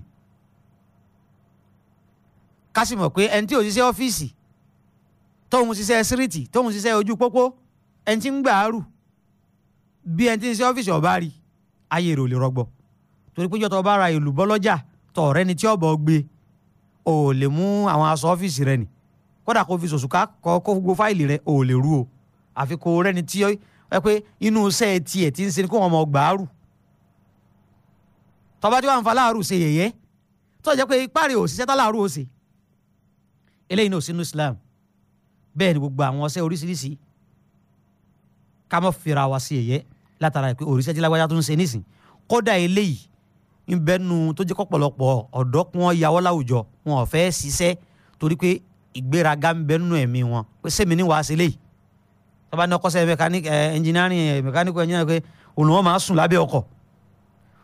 [SPEAKER 1] ká sì mọ̀ pé ẹni tí ò ṣiṣẹ́ ọ́fíìsì tóun ṣiṣẹ́ síríìtì tóun ṣiṣẹ́ ojú pópó ẹni tí ń gbà á bí ẹni tí ń ṣe ọ́fíìsì ọ̀bá rí ayé èrò lè rọgbọ torí pé jọ́tọ̀ ọba ra ìlú bọ́lọ́jà tọ̀ ọ̀rẹ́ni tí ọ̀bọ̀ gbé o ò lè mú àwọn aṣọ ọ́fíìsì rẹ nì kódà kó fi sòṣùká kọ kó gbogbo fáìlì rẹ o ò lè rú o àfi kó rẹni tí ẹ pé inú iṣẹ́ tiẹ̀ ti ń ṣe ni kó wọn mọ̀ gbàárù tọba tí wàá ń fa láàárù ṣe yẹ̀yẹ́ tó jẹ́ pé ipá rẹ̀ ò ṣiṣẹ́ tá láàárù ó ṣe eléyìí náà ò Islam bẹ́ẹ̀ ni gbogbo àwọn ọṣẹ́ oríṣiríṣi ká mọ́ fira wa ṣe yẹ̀yẹ́ látara pé òrìṣẹ́ tí lágbájá tó ń ṣe nísìn kódà eléyìí ńbẹ́nu tó jẹ́ kọ́pọ̀lọpọ̀ ọ̀dọ́ kún ọ́ yàwọ́ láwùjọ wọn ò fẹ́ ṣiṣẹ́ torí pé ìgbéraga ńbẹ́nu ẹ̀mí wọn pé sẹ́mi ní wàá sílẹ̀ yìí tọ́ba ní ọkọ̀ sẹ́ mẹkáníkì ẹnjìnírìn mẹkáníkì ẹnjìnírìn pé òun wọn máa sùn lábẹ́ ọkọ̀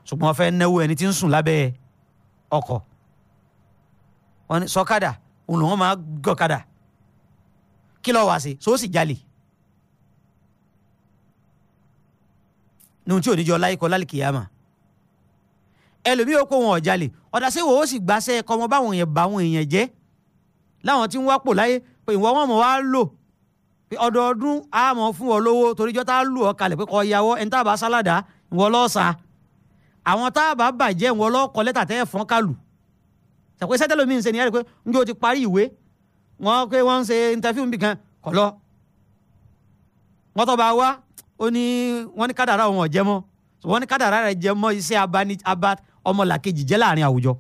[SPEAKER 1] ṣùgbọ́n wọn fẹ́ náwó tí ń sùn lábẹ́ ọkọ̀ wọn ní sọ́kadà máa gọ̀kadà kí ló wá sí sóòsì jalè ní ohun tí ò ẹlòmíì ó kó wọn ọ̀jalè ọ̀dà sí wo ó sì gbàṣẹ kọmọ báwọn èèyàn báwọn èèyàn jẹ́ láwọn tí ń wá pò láyé pé ìwọ wọn mọ̀ wá lò pé ọdọọdún á mọ̀ fún ọ lówó toríjọ́ tá a lù ọ kalẹ̀ pé kọ́ ìyàwó ẹni tá a bá sálàdà ìwọ lọ́ọ̀sà àwọn tá a bá bàjẹ́ ìwọ lọ́ọ̀kọ́ lẹ́tà tẹ́ ẹ̀ fọ́n kálù sàpé sẹ́tẹ́lómi ń ṣe nìyẹn rẹ̀ pé njó ti parí ìwé wọn pé wọ́n ń ṣe interview nbì kan kọ̀ lọ wọ́n tọ́ bá wá ó ní wọ́n ní kádàrá òun ọ̀jẹ́ mọ́ wọ́n ní kádàrá rẹ̀ jẹ́ mọ́ iṣẹ́ abani abat ọmọlàkejì jẹ́ láàrin
[SPEAKER 2] àwùjọ.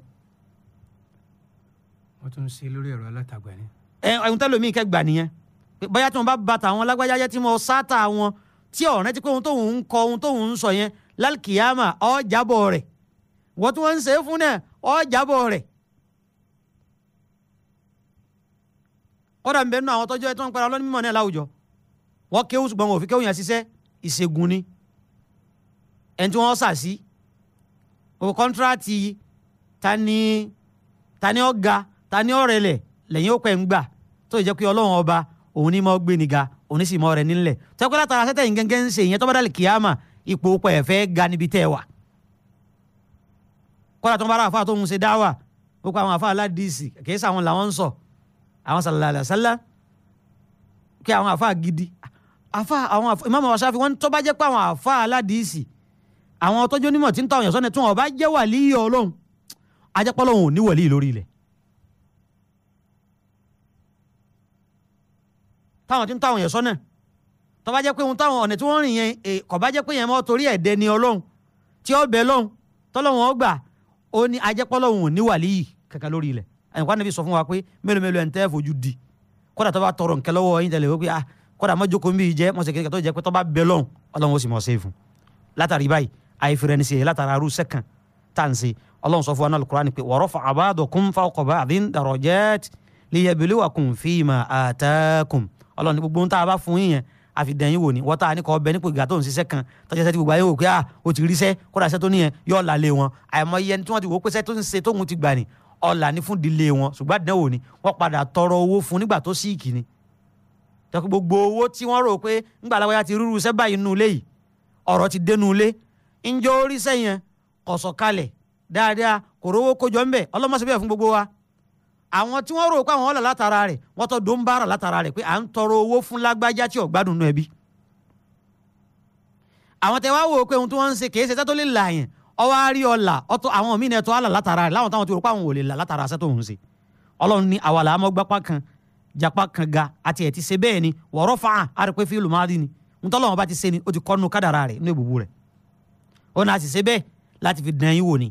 [SPEAKER 2] wọ́n tún ń ṣe lórí ẹ̀rọ alátagbà ni.
[SPEAKER 1] ẹ ẹ̀hún tẹ́lẹ̀ mi kẹ́gbà nìyẹn bóyá tí wọ́n bá bàtà àwọn lágbájá jẹ́ tí mo sáta àwọn tí ọ̀rẹ́ ti pé ohun tóun ń kọ ohun tóun ń sọ yẹn lálkìyàmà ọ̀jábọ̀ rẹ̀ wọ́n tún wọ́n ń ṣe é fún náà ọ̀jábọ̀ rẹ̀. kódà ń bẹ nínú àwọn tọ́jú ẹ tó ń pẹ́ra ọlọ́ni mímọ́ náà láwùjọ wọ́n kéwù ṣùgbọ́n wọn ò fi kéwù yẹn ṣiṣẹ́ ìṣègùn ni ẹni tí wọ́n sà sí kọ́ńtíráàtì tani tani ọ̀gá tani ọ̀rẹ́lẹ̀ lẹ́yìn ó pẹ́ ń gbà tó jẹ́ pé ọlọ́run ọba òun ní mọ́ gbé nìga òun ní sì mọ́ rẹ̀ nílẹ̀ tẹ́kọ́ látara sẹ́tẹ̀ yìí gẹ́gẹ́ ń ṣe ìyẹn tó bá dàlí kìámà ipò pẹ̀ fẹ́ ga níbi tẹ́ wà. kọ́lá tó ń bá ara tó ń ṣe dáwà ó pa àwọn àfa aládìsí kìí sàwọn làwọn ń sọ àwọn sàlàlàsálà kí àwọn àfa gidi àfa àwọn àfa ìmáàmù wa Ṣáfi wọn tó jẹ́ pé àwọn àfa aládìsí àwọn tọ́jú onímọ̀ tí ń ta òyìn sọ́nà tí wọn bá jẹ́ wàlíyé ọlọ́run ajẹ́pọ́ lọ́hùn ò ní wàlíyé lórí ilẹ̀ táwọn tí ń ta òyìn sọ́nà tó bá jẹ́ pé ohun táwọn ọ̀nà tí wọ́n rìn yẹn e, kò bá jẹ́ pé yẹn mọ́ torí ẹ̀dẹ́ ni ọlọ́run tí ó bẹ lọ́hùn tọ́lọ́hùn ọgbà ó ní ajẹ́pọ́ lọ́hùn ò ní wàlíyé kankan lórí ilẹ̀ àyìnkwá níbi sọ fún wa pé mélòó mélòó ẹ̀ ń tẹ́ fojú di látàrí báyìí àìfìrẹ́nisẹ̀ látara arúṣẹ́ kan tá à ń ṣe ọlọ́run sọ fún wa náà Al-Qur'ani pé wa rafa'a ba'dakum fawqa ba'din darajat liyabluwakum fima atakum ọlọ́run ní gbogbo ń tá a bá fún yín yẹn àfidẹ́yìn wò ni wọ́n tá a ní kọ́ bẹ nípò ìgbà tó ń ṣiṣẹ́ kan tọ́jà sẹ́tì gbogbo ayé wò pé ah o ti ríṣẹ́ kódà sẹ́tò nìyẹn yọ ọ̀là lé wọn àìmọ iye tí wọ́n ti wò pé sẹ́tò ń ṣe tóun ti gbà ní ọ̀là ní fún ìdílé wọn ṣùgbọ́n àdánwò ni wọ́n padà tọrọ owó fún nígbà tó síìkì ni gbogbo owó tí wọ́n rò pé ńgbà lágbáyà ti rúru iṣẹ́ báyìí nù ilé yìí ọ̀rọ̀ ti dé nù ilé ǹjọ́ orí sẹ́yìn kalẹ̀ dáadáa kò rówó kójọ ńbẹ̀ ọlọ́mọṣẹ́ fún gbogbo wa àwọn tí wọ́n rò pé àwọn ọ̀là látara rẹ̀ wọ́n tọ́ dó ń bára látara rẹ̀ pé à ń tọrọ owó fún lágbájá tí ọ̀gbádùn nù ẹbí àwọn tẹ wá wò pé ohun tí wọ́n ń ṣe kì ṣe sẹ́tọ́ lè là yẹn ọwọ́ á rí ọ̀là ọ̀tọ̀ àwọn àlà látara rẹ̀ láwọn táwọn ga àti ẹ̀ ti ṣe ni wọ̀rọ̀ fa ni ń bá ọ̀nà àṣìṣe bẹ́ẹ̀ láti fi dàn yín wò ni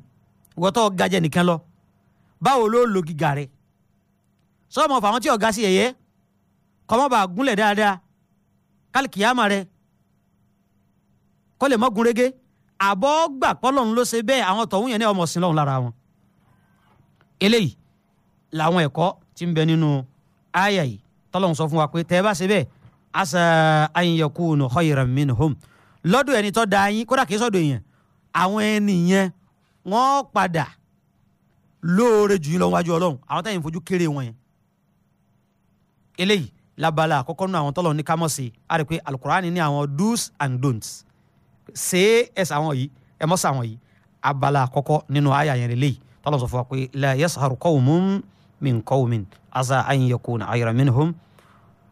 [SPEAKER 1] ìwọ́tọ̀ gajẹ nìkan lọ báwo ló lo gíga rẹ̀ sọ́ọ̀mù ọ̀fà àwọn tí ọ̀gá sí ẹ̀yẹ́ kọ́mọ́bà gúnlẹ̀ dáadáa kálíkìyàmà rẹ̀ kọ́lẹ̀ mọ́gun régé àbọ̀ gbà pọ́lọ́run ló ṣe bẹ́ẹ̀ àwọn tọ̀hún yẹn ní ọmọ sí lọ́run lára wọn eléyìí làwọn ẹ̀kọ́ tí ń bẹ nínú àyà yìí tọ́lọ́run sọ fún wa pé tẹ́ ẹ bá ṣe bẹ́ẹ̀ asa an yakunu khayran minhum lọ́dọ̀ ẹni tó da yín kódà kìí sọ́dọ̀ èèyàn àwọn ẹni yẹn wọ́n padà lóore jù yín lọ wájú ọlọ́run àwọn táyìn fojú kéré wọn yẹn eléyìí labala àkọ́kọ́ nínú àwọn tọ́lọ̀ ní kámọ́ sí a rẹ̀ pé alukurani ní àwọn do's and don'ts ṣe é ẹ̀sà àwọn yìí ẹ̀ mọ́sà àwọn yìí abala àkọ́kọ́ nínú àyà yẹn lélẹ́yìí tọ́lọ̀ sọ fún wa pé la yasharu qawmun min qawmin asa an yakuna khayran minhum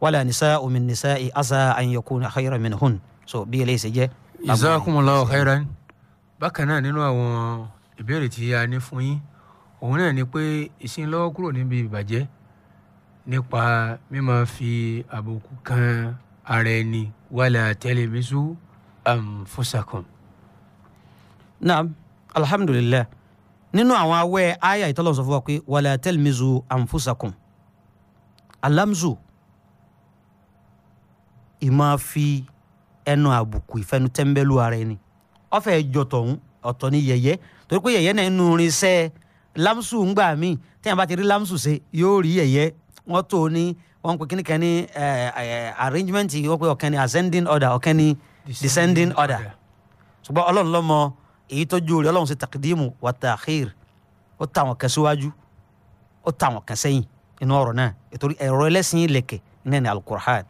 [SPEAKER 1] wala nisa'un min nisa'i asa an yakuna khayran minhun so bí eléyìí ṣe jẹ́. jazakumullahu khairan.
[SPEAKER 2] Bákan náà nínú àwọn ìbéèrè tí a ní fún yín, òun náà ni pé ìsinlọ́wọ́ kúrò níbi ìbàjẹ́ nípa mímọ fi àbùkù kan ara ẹni wala talbisu anfusakum. Naam, alhamdulillah. Nínú àwọn awẹ́
[SPEAKER 1] àyà ìtọ́lọ̀ sọ fún wa pé wala talmizu anfusakum. Alamzu ìmọ̀ fi ẹnu àbùkù ìfẹnutẹ́ńbẹ́lú ara ẹni ọ̀fẹ́ jọ̀tọ̀ ń ọ̀tọ̀ ní yẹ̀yẹ́ torí pé yẹ̀yẹ́ náà nù rin sẹ́ lámsù ń gbà mí téèyàn bá ti rí lámsù ṣe yóò rí yẹ̀yẹ́ wọ́n tó ní wọ́n pe kíníkan ní arrangement wọ́n pe ọ̀kan ascending order ọ̀kan descending order ṣùgbọ́n ọlọ́run lọ́mọ èyí tọ́jú rẹ̀ ọlọ́run ṣe takidimu wa ta'khir ó ta àwọn kan síwájú ó ta àwọn kan sẹ́yìn inú ọ̀rọ̀ náà ìtorí ẹ̀rọ ẹlẹ́sìn ilẹ̀kẹ̀ ní ẹni alukur'an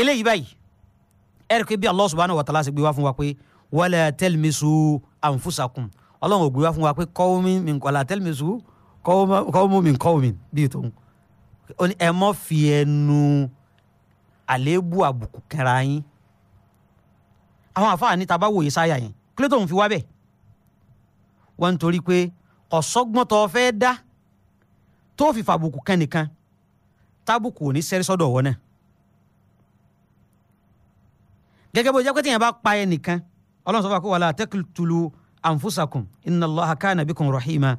[SPEAKER 1] eléyìí báyìí ẹ̀rí pé bí Allah subhanahu wa ta'ala ṣe gbé wá fún wa pé wala talmisu anfusakum ọlọ́run ò gbé wá fún wa pé qawmin min wala talmisu qawmun min qawmin bíi tòun ẹ mọ́ fi ẹnu àléébù àbùkù kẹra yín àwọn àfáà ní taba wòye sáyà yẹn kí tó ń fi wá bẹ́ẹ̀ wọ́n ń torí pé ọ̀sọ́gbọ́n tó dá tó fi fàbùkù kan nìkan tábùkù ò ní sẹ́rí sọ́dọ̀ wọn náà gẹ́gẹ́ bó jẹ́ pé tíyẹn bá pa ẹ nìkan ọlọ́run sọ fún wa kó wala taqtulu anfusakum inna Allaha kana bikum rahima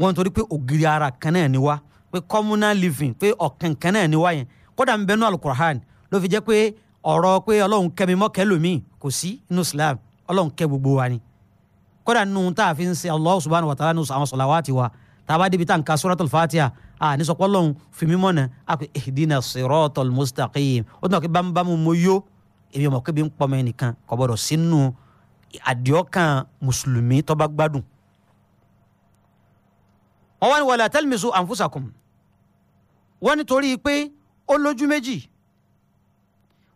[SPEAKER 1] wọn torí pé ògiri ara kan náà ni wá pé communal living pé ọ̀kan náà ni wá yẹn kódà ń bẹ nú alukurahan ló fi jẹ́ pé ọ̀rọ̀ pé ọlọ́run kẹ́mi mọ́kẹ́ lómi kò sí inú islam ọlọ́run kẹ́ gbogbo wa ni kódà nù tá a fi ń ṣe allah subhanahu wa ta'ala nù àwọn sọ̀làwátì wa tá a bá débi tá a ń ka suratul fatiha a ní sọ pé ọlọ́run fi mí mọ̀nà a kò ihdina siratal mustaqim ó tún wà pé bámúbámú mo yó èmi ọmọ kébí ń pọmọ ẹnìkan kò gbọdọ̀ sínú àdìọ́kàn mùsùlùmí tó bá gbádùn. wọ́n wá ní wala talmisu anfusakum wọ́n nítorí pé ó lójú méjì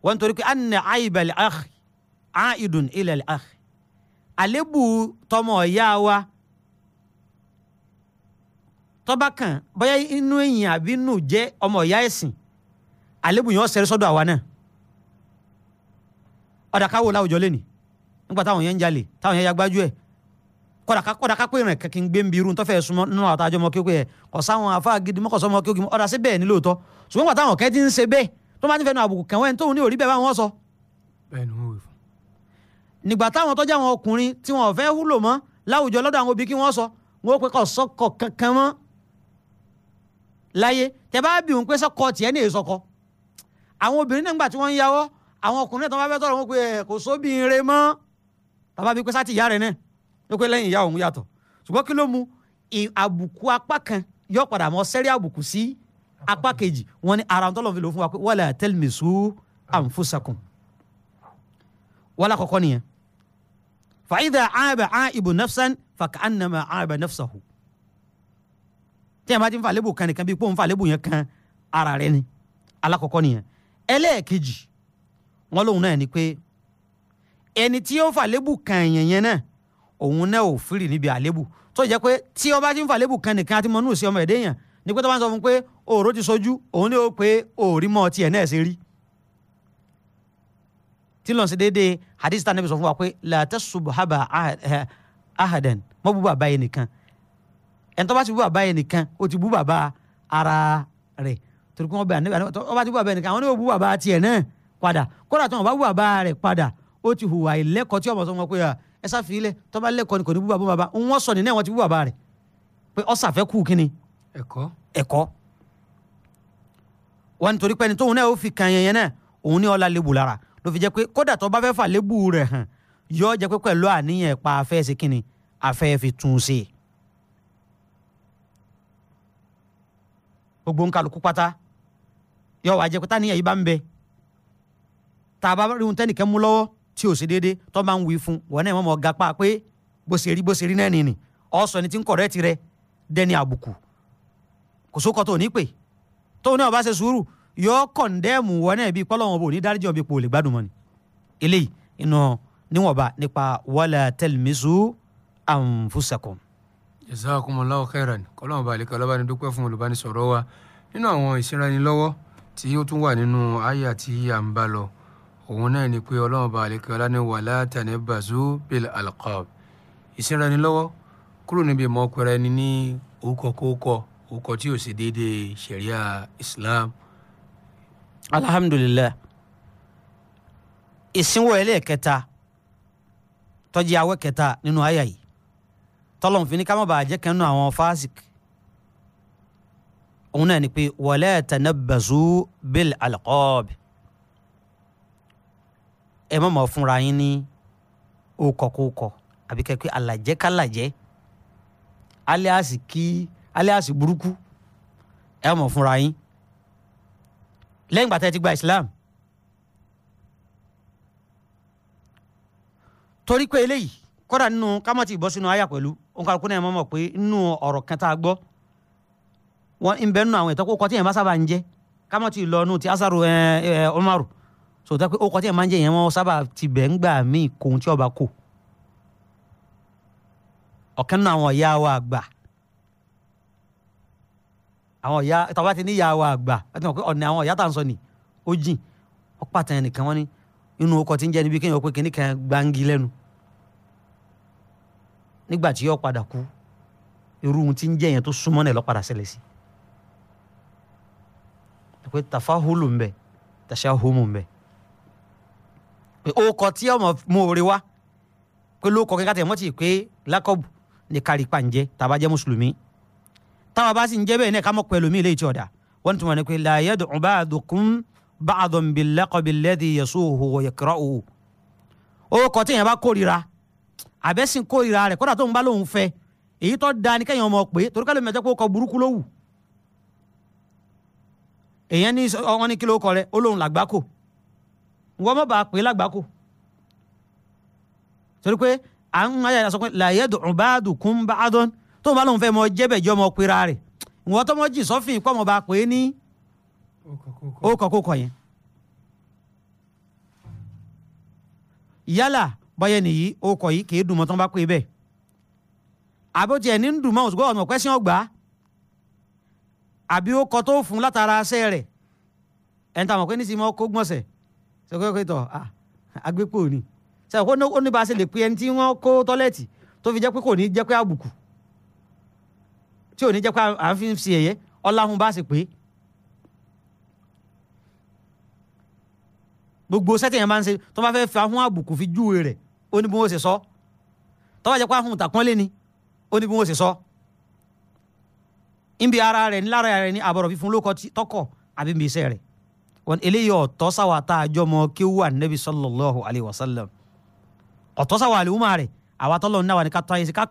[SPEAKER 1] wọ́n nítorí pé anna aibal akh aidun ilal tọ́ba kan bóyá inú èyàn àbí inú jẹ́ ọmọ ìyá ẹ̀sìn àlébù yẹn ọ̀sẹ̀ sọ́dọ̀ àwa náà ọ̀dà ká wò láwùjọ lẹ́nì nígbà táwọn yẹn ń jalè táwọn yẹn ya gbájú ẹ̀ kódà ká kódà ká pé ìrìn kankan gbé ń bi irú ntọ́fẹ́ súnmọ́ nínú àwọn àtàjọ ọmọ kéwòké yẹ kò sáwọn afá gidi mọ́kọ̀ sọmọ kéwòké ọ̀dà sí bẹ́ẹ̀ ni lóòótọ́ ṣùgbọ́n nígbà táwọn kẹ́ẹ́ ti ń ṣe bẹ́ẹ̀ tó máa ń fẹnu àbùkù kẹ̀wẹ́ tóun ní òrí bẹ́ẹ̀ bá wọn sọ. nígbà táwọn tọ́jú àwọn ọkùnrin tí wọn ò fẹ́ wúlò mọ́ láwùjọ lọ́dọ̀ àwọn obì kí wọ́n sọ wọn ó pe sọ́kọ̀ kankan mọ́ láyé tẹ bá bí òun pé sọkọ tiẹ ní èsọkọ àwọn obìnrin náà nígbà tí wọn ń yàwó àwọn ọkùnrin náà tó bá fẹ́ tọrọ wọn pé ẹ kò sóbìnrin rẹ mọ́ bàbá bíi pé sátì ìyá rẹ náà ló pé lẹ́yìn ìyá òun yàtọ̀ ṣùgbọ́n kí ló mu àbùkù apá kan yọ padà mọ́ sẹ́rí àbùkù sí apá kejì wọn ni ara tọ́lọ̀ fi lò fún wa pé wala telmisu anfusakum wala kọ̀kọ́ nìyẹn fa idha aaba aibu nafsan fa ka'annama aaba téèyàn bá ti ń fa lébù kan nìkan bíi pé òun fa lébù yẹn kan ara rẹ ni alákọ̀ọ́kọ́ nìyẹn ẹlẹ́ẹ̀kejì wọn lóun náà ni pé ẹni tí ó fa lébù kan yẹn yẹn náà òun náà ò fìrì níbi àlébù tó jẹ́ pé tí ó bá ti ń fa lébù kan nìkan àti mọ́nú sí ọmọ ẹ̀dẹ́yàn ni pé tó bá ń sọ fún pé òòró ti sojú òun ni ó pé òòrí mọ́ tiẹ̀ náà ṣe rí tí lọ́n ṣe déédéé hadith tanabi sọ fún wa pé la tasub haba eh, ahadan mọ́ bú bàbá nìkan ẹ̀ńtọ́ bá ti bú bàbá yẹn nìkan ó ti bú bàbá ara rẹ̀ torí pé wọ́n bẹ àníbẹ̀ àníbẹ̀ tó bá ti bú bàbá yẹn nìkan àwọn oníbò bú bàbá tiẹ̀ náà padà kódà tó wọn bá bú bàbá rẹ̀ padà ó ti hùwà ìlẹ́kọ̀ọ́ tí ọmọ sọ wọn pé ah, ẹ sáfìlẹ̀ tó bá lẹ́kọ̀ọ́ ni kò ní bú bàbá bàbá wọ́n sọ nínú ẹ̀ wọ́n ti bú bàbá rẹ̀ pé ọ̀sàfẹ́ kù kí ni ẹ̀kọ́ ẹ̀kọ́ wọn nítorí pé ẹni tóun náà ó fi kan yẹn yẹn náà òun ní ọ̀la lébu lára ló fi jẹ́ pé kódà tó bá fẹ́ fà lébu rẹ̀ hàn yọ jẹ́ pé pẹ̀lú àníyàn pa afẹ́ ṣe kí ni afẹ́ fi tún un ṣe. gbogbo ń kálukú pátá yọ wàá jẹ pé táníyàn yìí bá ń bẹ tá a bá rí ohun tẹ́nìkan mú lọ́wọ́ tí ò sí déédéé tó máa ń wí fún wọn náà mọ̀ ga pa pé bó ṣe rí bó ṣe rí náà nìyí ọ̀sán ni ti ń kọ̀rẹ́ tirẹ̀ dẹni àbùkù kò sókọ tó ní pè tó ní ọba ṣe sùúrù yọ kọ̀ǹdẹ́ẹ̀mù wọn náà bíi pọ́lọ́wọ́n bò ní dáríjì ọ̀bí pò lè gbádùn mọ́ ni eléyìí inú níwọ̀nba nípa wala telmizu anfusakum
[SPEAKER 2] jazakumullahu khairan kọ́lọ́mù balẹ̀ kọ́lọ́mù balẹ̀ dúpẹ́ fún olùbánisọ̀rọ̀ wa nínú àwọn ìṣẹ́ranilọ́wọ́ tí ó tún wà nínú àyà tí à ń bá lọ òun náà ni pé ọlọ́run bá àlekè ọlá ní wàlá tàní bàzú bil alqab ìṣẹ́ranilọ́wọ́ kúrò níbi ìmọ̀ ọkùnrin ẹni ní orúkọ kóókọ orúkọ tí ò sì déédéé ṣẹ̀ríà islam. alhamdulilayi
[SPEAKER 1] ìsìnwó ẹlẹ́ẹ̀kẹta tọ́jú awẹ́ kẹta nínú àyà yìí tọ́lọ̀ nfin ká má bàa jẹ́ kẹ́nu àwọn fásik òun náà ni pé wala tanabbazu bil alqab ẹ má mọ̀ fúnra yín ní okọ̀kọ̀kọ̀ àbí kẹ́kẹ́ alàjẹ́kálàjẹ́ alias kí alias burúkú ẹ mọ̀ fúnra yín lẹ́yìn gbàtẹ́ ti gba Islam torí pé eléyìí kọ́dà nínú ká bọ́ sínú àyà pẹ̀lú. òǹkàlùkù náà mọ̀ pé nínú ọ̀rọ̀ kan tá a gbọ́ wọn ń bẹ nínú àwọn ìtọ́kọ kọtí yẹn bá sábà ń jẹ kámọ́ ti ti asaru ẹ ẹ ọmọrù sòtẹ́ pé ó yẹn máa ń jẹ yẹn wọn sábà ti bẹ̀ ń gbà míì kóhun tí ọba kò ọ̀kan nínú àwọn ìyá wa àgbà àwọn ìyá tàbá ti ní ìyá nígbà tí yóò padà kú irú ohun tí ń jẹ́ yẹn tó súnmọ́ náà ló ṣẹlẹ̀ sí pé tafahulu ń bẹ tashahumu ń bẹ pé ó kọ tí ọmọ mú orí wá pé ló kọ kí kátẹ mọ́tì pé lákọ̀bù ní kárí pàǹjẹ́ tàbá jẹ́ mùsùlùmí táwa bá sì ń jẹ́ bẹ́ẹ̀ náà ká mọ̀ pẹ̀lú mi ilé ìtì ọ̀dà wọ́n ti mọ̀ ní pé la yad'u ba'dukum ba'dan bil laqabi alladhi yasuhu wa yakra'uhu ó kọ tí yẹn bá kórira àbẹ́sìn kórìíra rẹ̀ kódà tó ń bá lóun fẹ́ èyí tó da ni kẹ́yìn ọmọ pé torí kálọ̀ mẹ́tẹ́ kó kọ burúkú ló wù èyàn ní wọn ní kí ló kọ rẹ ó lóun làgbákò wọn mọ̀ bá a pè é làgbákò torí pé à ń ayé àṣọ pé làyé dùn bá dùn bá dùn tó ń bá lóun fẹ́ mọ jẹ́bẹ̀jọ́ mọ pera rẹ̀ ìwọ́n tó mọ jì sọ́fìn pọ̀ mọ̀ bá a pè é ní ó kọ̀ yẹn yálà bọ́yẹ nìyí ó kọ̀ yìí kìí dùnmọ́ tán bá pè bẹ́ẹ̀ àbótiẹ̀ ní ń dùnmọ́ òṣùgbọ́ ọ̀nà kwẹ́sìn ọgbà àbí ó kọ tó fún látara aṣẹ́ rẹ̀ ẹ̀ ń tà mọ̀ pé ní ti mọ́ kó gbọ̀nsẹ̀ ṣe kó kó tọ̀ àgbépò ni ṣe ó ní bá a ṣe lè pe ẹni tí wọ́n kó tọ́lẹ̀tì tó fi jẹ́ pé kò ní jẹ́ pé àbùkù tí ò ní jẹ́ pé à ń fi ṣe ẹ̀yẹ ọláhun bá sì pé gbogbo sẹ́tìyàn máa ń ṣe tó bá fẹ́ fi ahun àbùkù fi júwe rẹ̀ ó ní bí wọ́n ṣe sọ tó bá jẹ́ pé ahun tàkúnlé ni ó ní bí wọ́n ṣe sọ níbi ara rẹ̀ ní lára rẹ̀ ní àbọ̀rọ̀ fífún ló tọkọ̀ àbí mi iṣẹ́ wọn eléyìí ọ̀tọ́ sáwà tá a jọ mọ kí wà nẹ́bí sallallahu alayhi wa sallam ọ̀tọ́ sáwà àlùmọ́ rẹ̀ àwa tọ́lọ́ náà ní ká tọ́ ayé sí ká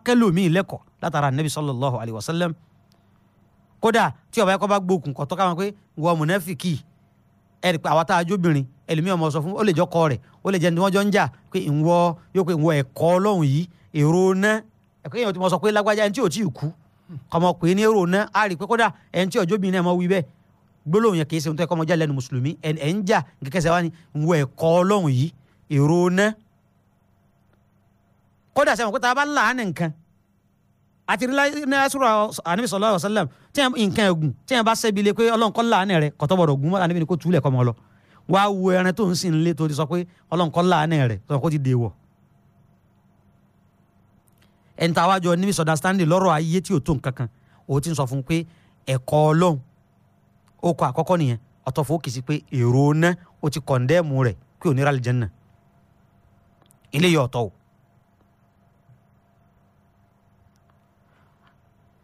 [SPEAKER 1] látara nẹ́bí sallallahu alayhi wa sallam kódà tí ọba ẹ̀kọ́ bá gbókùn kọ̀tọ́ káwọn pé wọ́n mùnáfìkì ẹ̀rì pé àwa tá a ẹlòmíì ọmọ sọ fún ó lè jọ kọ rẹ̀ ó lè jẹ́ ní wọ́n jọ ń jà pé ìwọ yóò pé ìwọ ẹ̀kọ́ ọlọ́run yìí èrò ná ẹ̀kọ́ èèyàn tí mo sọ pé lágbájá ẹni tí ò tí ì kú kọmọ pé ní èrò ná á rí i pé kódà ẹni tí ọjọ́ bí náà mọ wí bẹ́ẹ̀ gbólóhùn yẹn kì í ṣe ohun tó ẹ̀kọ́ ọmọjà lẹ́nu mùsùlùmí ẹ̀ ń jà kẹ́kẹ́sẹ̀ wá ní ìwọ ẹ̀kọ́ ọlọ́run yìí èrò ná kódà sẹ́wọ̀n pé tá láàánú nǹkan àti nasura anabi sallallahu alaihi wasallam tí nǹkan ẹ̀gùn tí yẹn bá sẹ́bi lé pé ọlọ́run láàánú rẹ̀ kọ́tọ́ gùn mọ́ anabi ni kò túlẹ̀ kọ́ lọ wá wo ẹran tó ń sìn lé tó ti sọ pé ọlọ́run kọ́ láàánú rẹ̀ tó sọ pé ó ti dèwọ̀ ẹni tá a wájọ ní misunderstanding lọ́rọ̀ ayé tí ò tó nǹkan kan òun ti ń sọ fún un pé ẹ̀kọ́ ọlọ́run ó kọ àkọ́kọ́ nìyẹn ọ̀tọ̀fọ̀ ó kì í sí pé èrò ná ó ti kọ̀ndẹ́ẹ̀mù rẹ̀ pé ò ní ra ilé yọ ọ̀tọ̀ o.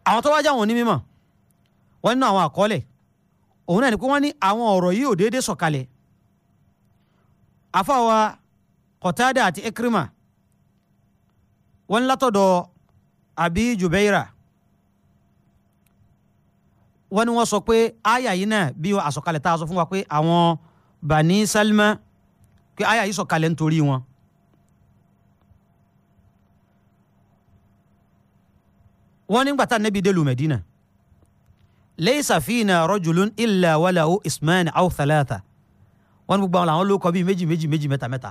[SPEAKER 1] àwọn tó wájà wọn ní mímọ̀ wọ́n nínú àwọn àkọọ́lẹ̀ òun náà ni pé wọ́n ní àwọn ọ̀rọ̀ yìí ò déédéé sọ̀kalẹ̀ afáwa kọ̀tádà àti ekrima wọ́n látọ̀dọ̀ àbí jubeira wọ́n ní wọ́n sọ pé àyà yìí náà bí àsọ̀kalẹ̀ tá a sọ fún wa pé àwọn bani salma pé àyà yìí sọ̀kalẹ̀ nítorí wọn. wọ́n nígbà tá nẹ́bi délu medina laysa fina rajulun illa walahu ismaani aw wọ́n ní gbogbo àwọn làwọn ló kọ bíi méjì méjì méjì mẹta mẹta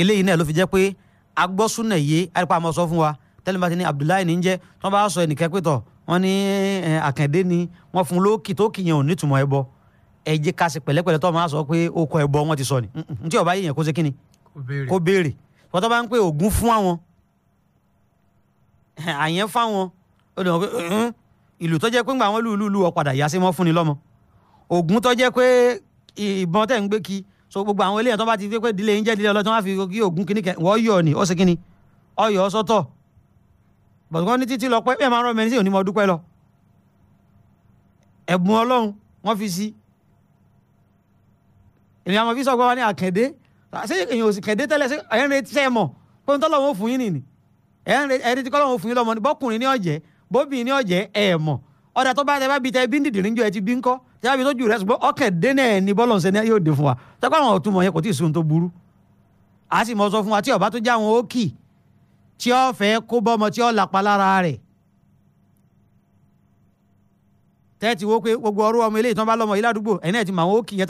[SPEAKER 1] eléyìí náà ló fi jẹ́ pé agbọ́sùnà yé àrípa àmọ́ sọ fún wa tẹ́lẹ̀ bá ti ní Abdullahi ní jẹ́ tí bá sọ ẹnì wọ́n ní Àkàndé ni wọ́n fún lókì tó kìyàn ò nítumọ̀ ẹ sọ pé ó kọ wọn ti sọ ni ntí ọba yìnyẹn kó kíni kó béèrè bá ń pè ògún fún àwọn àyẹn fáwọn ó dẹ̀ wọ́n ọ padà so gbogbo àwọn eléyàn tó bá ti pé pé ìdílé yín jẹ́ ìdílé ọlọ́tí wọ́n á fi kí ògùn kíní kẹ wọ́n yọ̀ ni ó sì kíní ọyọ̀ sọ́tọ̀ bọ̀dùkọ́ ní títí lọ pé bẹ́ẹ̀ máa ń rọ mẹ́rin sí òní mọ́ dúpẹ́ lọ ẹ̀bùn ọlọ́run wọ́n fi sí èèyàn àmọ́ fi sọ gbọ́wọ́ ní àkẹ́dé ṣé èèyàn ò sì kẹ́dé tẹ́lẹ̀ ṣé ẹ̀ ń retí ṣe mọ̀ pé ń tọ́lọ́wọ́ fún yín nìyí ẹ̀ ń ẹ̀ ọ̀dà tó bá tẹ bá bi tẹ bí ń dìdìrín jọ ẹ ti bí ń kọ́ tẹ bá bi tó jù rẹ ṣùgbọ́n ọkàn dé ni bọ́lọ̀ ń sẹ́ni yóò dé fún wa tẹ́kọ̀ àwọn ọ̀túnmọ̀ yẹn kò tí ì sun tó burú a sì mọ̀ sọ fún wa tí ọba tó já wọn ó kì tí ó fẹ́ kó bọ́mọ tí ó làpá lára rẹ̀ tẹ́tí wo pé gbogbo ọrú ọmọ eléyìí tán bá lọ́mọ yìí ládùúgbò náà ti mọ̀ àwọn ó kì yẹn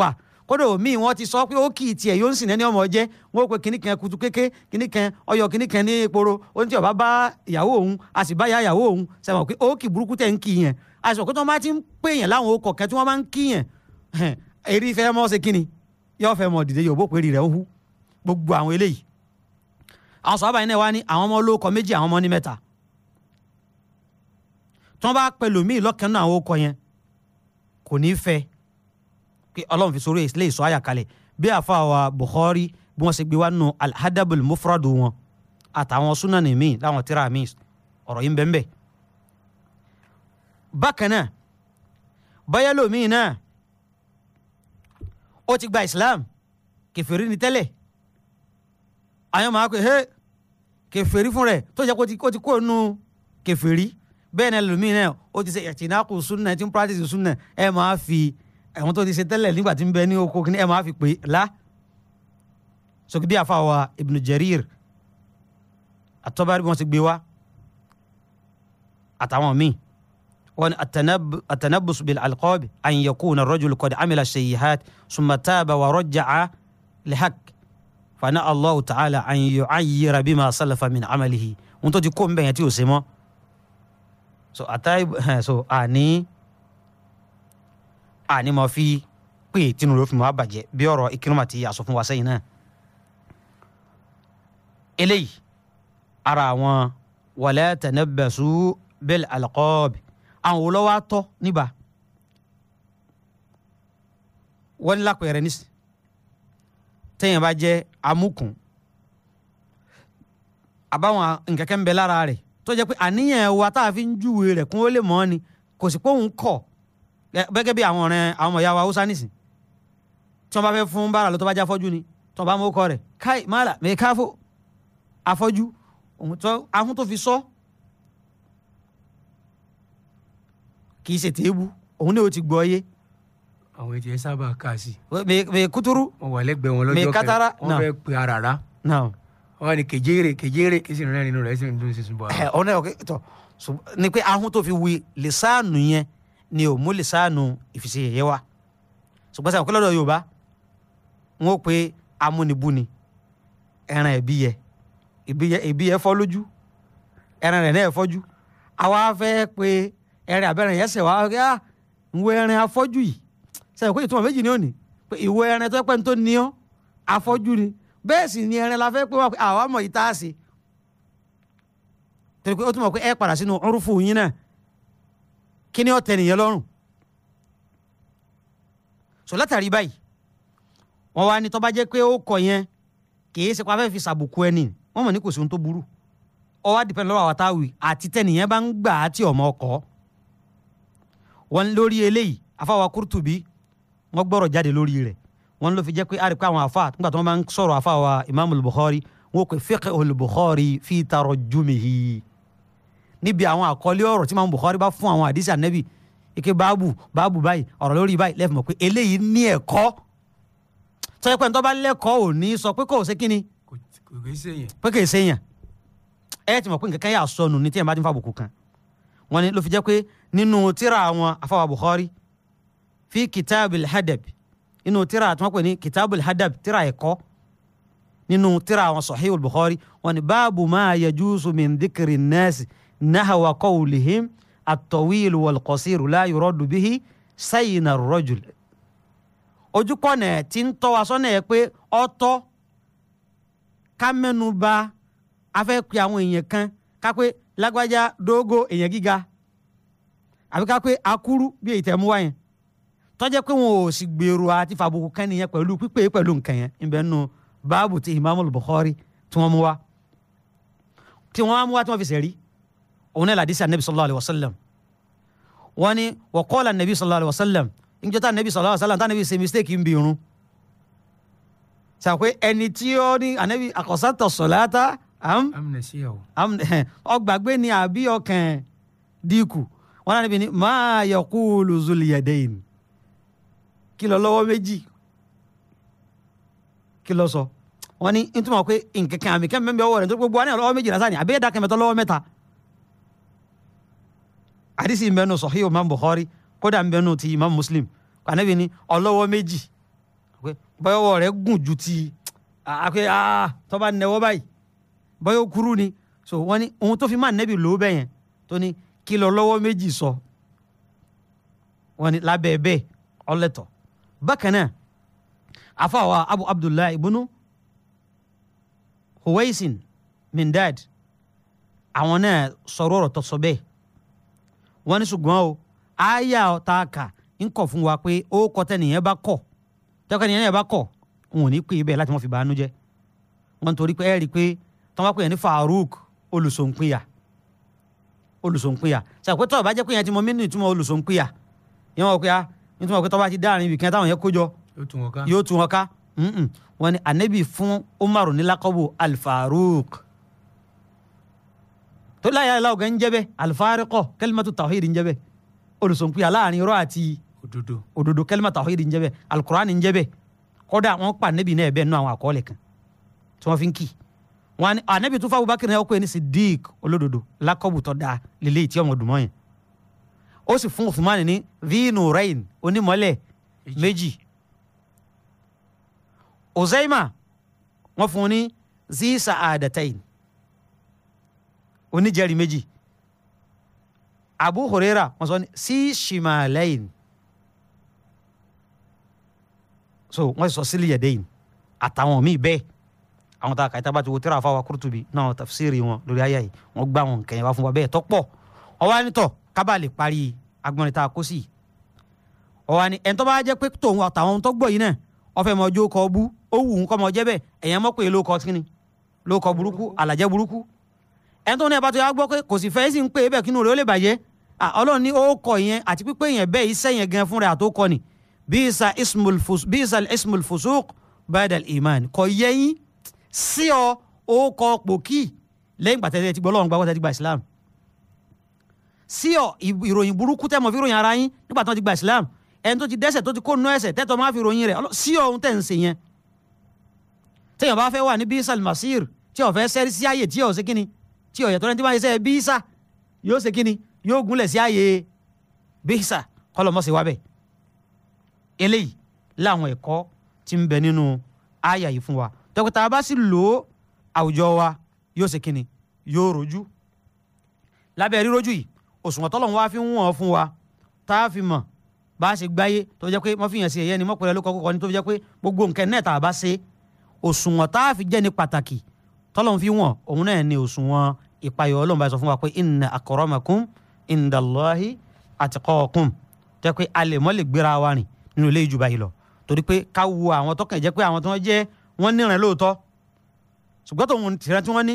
[SPEAKER 1] tá kódà omi wọn ti sọ pé ó kì í tiẹ̀ yóò ń sìn ẹni ọmọ jẹ́ wọn ó pe kinní kan kutu kéke kinní kan ọyọ kinní kan ní eporo ó ní tí ọba bá ìyàwó òun a sì bá ìyá ìyàwó òun sẹ́wọ̀n pé ó kì burúkú tẹ̀ ń kì yẹn a sọ pé tí wọ́n bá ti ń pè yẹn láwọn okọ̀ kẹ́ tí wọ́n bá ń kì yẹn gbogbo àwọn eléyìí àwọn náà ọmọ kí ọlọ́run fi sórí ilé ìsọ àyàkálẹ̀ bí àfa wa Bukhari bí wọ́n ṣe gbé wá nù alhadabul mufradu wọn àtàwọn súnánì míì láwọn tíra míì ọ̀rọ̀ yìí ń bẹ́ẹ̀ bẹ́ẹ̀. bákan náà báyà lómi náà ó ti gba Islam kèfèrí ni tẹ́lẹ̀ àyàn máa pè é kèfèrí fún rẹ̀ tó jẹ́ kó ti kó nu kèfèrí bẹ́ẹ̀ náà lómi náà ó ti ṣe ìtìnákù súnà tí practice súnà ẹ̀ máa fi ẹ̀wọ̀n tó ti ṣe tẹ́lẹ̀ nígbà tí ń bẹ ní oko kí ni ẹ máa fi pè lá sọkídé àfàwà Ibn Jarir àtọ́bárí wọn ti gbé wá àtàwọn míì wọn atanabus bil alqobi an yakuna rajul qad amila sayyihat summa taaba wa raja'a lihaq fana allahu ta'ala an yu'ayyira bima salafa min amalihi wọn tó ti kó ń bẹ̀yẹn tí ò ṣe mọ́ so àtàyè so àní. Ah, àní mo fi pé tinú ló fi mọ́ àbàjẹ́ bí ọ̀rọ̀ Ikirima ti àsọ fún wa sẹ́yìn náà eléyìí ara àwọn wala tanabbasu bil alqab àwọn wo ló wá tọ́ níbà wọ́n ní lápẹ̀rẹ̀ nísì téèyàn bá jẹ́ amúkùn àbáwọn nǹkan kan ń bẹ lára rẹ̀ tó wa tá a fi kún ó lè mọ́ ni kò gẹ́gẹ́ bí àwọn ọ̀rẹ́ àwọn ọmọ ìyá wa haúsá nìsín tí wọ́n bá fẹ́ fún bàrà lọ́tọ́ bá já fọ́jú ni tí wọ́n bá mú ọkọ rẹ̀ káì mọ́là mẹ́káfó afọ́jú òun tó ahun tó fi sọ kì í ṣe téébù òun náà ó ti gbọ́ yé.
[SPEAKER 2] àwọn ètò yẹn sábà kà sí. mẹ kútúrú mẹ kátàrà wọn fẹ́ pe arara wọn ni kejere kejere kí sì rìn rìn nínú rẹ̀ sì ń dún sí sunbọ. ọ̀nà ọ̀kẹ́ tọ̀ ni
[SPEAKER 1] pé ahun tó fi wi lè sáànù yẹn ni ò mú lìsáànù ìfìsí wa ṣùgbọ́n sábà kọ́lọ́dọ̀ Yorùbá wọn ò amúnibúni ẹran ẹ̀bí yẹ ìbí yẹ fọ́ lójú ẹran rẹ̀ náà fọ́jú àwa fẹ́ ẹran yẹn sẹ̀ wá ìwé ẹran ah, afọ́jú yìí sábà ìtumọ̀ méjì ní pé ìwé ẹran tó pẹ́ ní tó ní ọ́ afọ́jú ni bẹ́ẹ̀ sì ẹran la fẹ́ pé àwa mọ̀ yìí tá a ṣe torí pé ó kí ni ó tẹ́ nìyẹn lọ́rùn so látàrí báyìí wọ́n wá ní tó bá jẹ́ pé ó kọ yẹn kìí ṣe pa fẹ́ fi ṣàbùkù ẹni wọ́n mọ̀ ní kò sí ohun tó burú ó wá dìpẹ́ lọ́wọ́ àwátáwì àti tẹ́nìyẹn bá ń gbà á tí ọmọ ọkọ̀ wọn lórí eléyìí afáwa kúrútùbí wọ́n gbọ́rọ̀ jáde lórí rẹ̀ wọ́n ló fi jẹ́ pé a rí pé àwọn afa nígbà tí wọ́n bá ń sọ̀rọ̀ afáwa imaamu al-Bukhari kò fiqh al-Bukhari fi tarjumihi níbi àwọn àkọlé ọ̀rọ̀ tí mamu Bukhari bá fún àwọn àdìsí ànẹ́bì ike báàbù báàbù báyìí ọ̀rọ̀ lórí báyìí lẹ́fù mọ̀ pé eléyìí ní ẹ̀kọ́ tọ́jú pé ní tó bá lẹ́kọ̀ọ́ ò ní sọ pé kò ṣe kí ni pé kò ṣe yàn ẹ ti mọ̀ pé nǹkan kan yà sọnù ní tí ẹ̀ bá ti ń fa àbùkù kan wọn ni ló fi jẹ́ pé nínú tíra àwọn afáwà Bukhari fi kitabil hadab nínú tíra àti wọn pè ní kitabil hadab tíra ẹ̀kọ́ nínú tíra àwọn Sahihul Bukhari wọn ni báàbù máa yajuzu min dhikri nasi نهوى قولهم الطويل والقصير لا يرد به سين الرجل ojúkọ̀nà tí ń tọ́ wa sọ́nà ẹ̀ pé ọ̀tọ̀ ká mẹ́nuba afẹ́ pe àwọn èèyàn kan ká pé lágbájá dógó èèyàn gíga àbí ká pé akúrú bí èyí tẹ̀ mú wáyẹn tọ́jẹ́ pé wọn ò sì gbèrò àti fàbùkù kan nìyẹn pẹ̀lú pípé pẹ̀lú nǹkan yẹn níbẹ̀ báàbù ti Imamul Bukhari tí wọ́n mú wa tí wọ́n mú wa tí wọ́n fi sẹ̀rí òun náà làdísí anabi sallallahu alayhi wa sallam wọ́n ní wa qala anabi sallallahu alayhi wa sallam níjọ́ tá anabi sallallahu alayhi wa sallam tá anabi ṣe mistake ń bi irun sàpé ẹni tí ó ní anabi àkọsátọ sọláta am ọgbàgbé ni àbí ọkàn dínkù wọ́n náà níbi ní máa yaqulu zul yadayn lọ́wọ́ méjì kí sọ wọ́n ní ntoma pé nkankan àmì kẹ́mi ọwọ́ rẹ̀ nítorí gbogbo wa ní ọlọ́wọ́ méjì lásán ni àbí ẹ̀dá kẹ́mi lọ́wọ́ mẹ́ta àdìsí mbẹ́nu sọ̀hí imam bukhari kódà mbẹ́nu ti imam muslim anabi ni ọlọ́wọ́ méjì bọ́yọ̀wọ́ rẹ̀ gùn ju ti àpè àà tọ́ba nẹ̀wọ́ báyìí bọ́yọ̀ kúrú ni so wani ní ohun tó fi máa nẹ́bi lòó bẹ́yẹn tó ní kí lọ lọ́wọ́ méjì sọ wọ́n ní lábẹ́ bẹ́ẹ̀ ọlẹ́tọ̀ bákan abu abdullahi ibunu huwaisin mindad àwọn náà sọ̀rọ̀ ọ̀rọ̀ tó sọ wọ́n ní ṣùgbọ́n o àyà ọ̀tá kà ń kọ̀ fún wa pé ó kọ tẹ́nìyẹn bá kọ̀ tẹ́kọ̀tẹ́nìyẹn náà bá kọ̀ wọn ò ní pè é bẹ́ẹ̀ láti wọ́n fi bàánú jẹ́ wọ́n torí pé ẹ rí i pé tọ́ wá pè yẹn ní Farouk olùsòǹpìyà olùsòǹpìyà ṣàpẹ́ tọ́ ọ̀bá jẹ́ pé yẹn ti mọ mí nù ìtumọ̀ yẹn wọ́n pé a ah, nítorí pé tọ́ bá ti dáàrin ibì kan táwọn yẹn kó jọ yóò tún wọn ká wọ́n ní Ànábì fún Umaru ní lákọ́bù tó láyà ilá ọ̀gá ń jẹ́ bẹ́ẹ̀ alifáríkọ̀ kẹ́límàtù tàwíìd ń jẹ́ bẹ́ẹ̀ olùsọ̀nkúyà láàrin irọ́ àti òdodo òdodo kẹ́límà tàwíìd ń jẹ́ bẹ́ẹ̀ alukurani ń jẹ́ bẹ́ẹ̀ kọ́dà wọ́n pa nẹ́bì náà bẹ́ẹ̀ nú àwọn àkọọ́lẹ̀ kan tí wọ́n fi ń kì í wọn ni anabi tún fún abubakar náà ó kó ẹni sidik olódodo lakọ́bù tó dáa lélẹ́ ìtí ọmọ dùmọ́ yẹn ó sì fún uthman ní vinu rain onímọ́lẹ̀ méjì uzaima wọ́n fún ní zi sa'adatain oníjẹ́rìí méjì Abu Huraira wọ́n sọ ní sí shimalayin so wọ́n sọ sílẹ̀ yẹ̀dẹ́yìn àtàwọn míì bẹ́ẹ̀ àwọn tá a kàyí tábàtì wo tíra fáwọn Kurtubi náà tafsiri wọn lórí ayé yìí wọ́n gbá wọn kẹyìn wá fún wa bẹ́ẹ̀ tọ́pọ̀ ọwọ́ anitọ̀ kábà lè parí agbọ̀nrin tá a kó sí i ọwọ́ ani ẹ̀ńtọ́ bá jẹ́ pé tòun àtàwọn tó gbọ́ yìí náà ọfẹ́ mọ́jọ́ kọ́ bú ó wù ń kọ́ mọ́ jẹ́ bẹ́ẹ̀ ẹ̀yàn mọ́ pé ló kọ́ kíni ló kọ́ burúkú àlàjẹ́ burúkú ẹni tó ní ẹ bá tó yà gbọ́ pé kò sì fẹ́ sì ń pè é bẹ́ẹ̀ kínú rẹ̀ ó lè bàjẹ́ ọlọ́run ní ó kọ ìyẹn àti pípé yẹn bẹ́ẹ̀ iṣẹ́ yẹn gan fúnra àtó kọ ni bíìsà ismul fusuq badal iman kọ yẹyin sí ọ ó kọ pòkì lẹ́yìn gbàtẹ́tẹ́ ti gbọ́ lọ́run gbàgbọ́ tẹ́tí gba islam sí ọ ìròyìn burúkú tẹ́ mọ̀ fi ròyìn ara yín nígbà tí wọ́n ti gba islam ẹni tó ti dẹ́ṣẹ̀ tó ti kó nú ẹ̀ṣẹ̀ tẹ́tọ́ máa fi ròyìn rẹ̀ sí ọ ohun tẹ̀ ń ṣe yẹn tẹ́yìn bá fẹ́ wà ní bíìsà masir tí ó fẹ́ sẹ́rí sí ààyè tí ó ṣe kíni tí ọ̀yà tó lẹ́ni tí wọ́n á ṣiṣẹ́ bíísà yóò ṣe kíni yóò gúnlẹ̀ sí ààyè bíísà kọlọmọ́sí wábẹ̀ eléyìí láwọn ẹ̀kọ́ tí ń bẹ nínú àyà yìí fún wa dókítà bá sì lò ó àwùjọ wa yóò ṣe kíni yóò rojú lábẹ́ rírojú yìí òṣùwọ̀n tọ́lọ́run wá fi ń wọ̀n fún wa tá a fi mọ̀ bá a ṣe gbáyé tó jẹ́ pé mọ́fìyàn sí ẹ̀yẹ́ ni mọ́pẹ́rẹ́ ló kọ́kọ́ ni tó jẹ́ pé gbogbo nǹkan náà tá a bá ṣe òṣùwọ̀n tá a fi jẹ́ ni pàtàkì tọ́lọ́run fi wọ̀n òun náà ni òṣùwọ̀n ìpayọ̀ ọlọ́run bá sọ fún wa pé inna akramakum indallahi atqakum jẹ́ pé alẹ́ mọ́ lè gbéra wa rìn nínú ilé ìjùbà yìí lọ torí pé ká wo àwọn tó kàn jẹ́ pé àwọn tó wọ́n jẹ́ wọ́n níran lóòótọ́ ṣùgbọ́n tòun tìrẹ tí wọ́n ní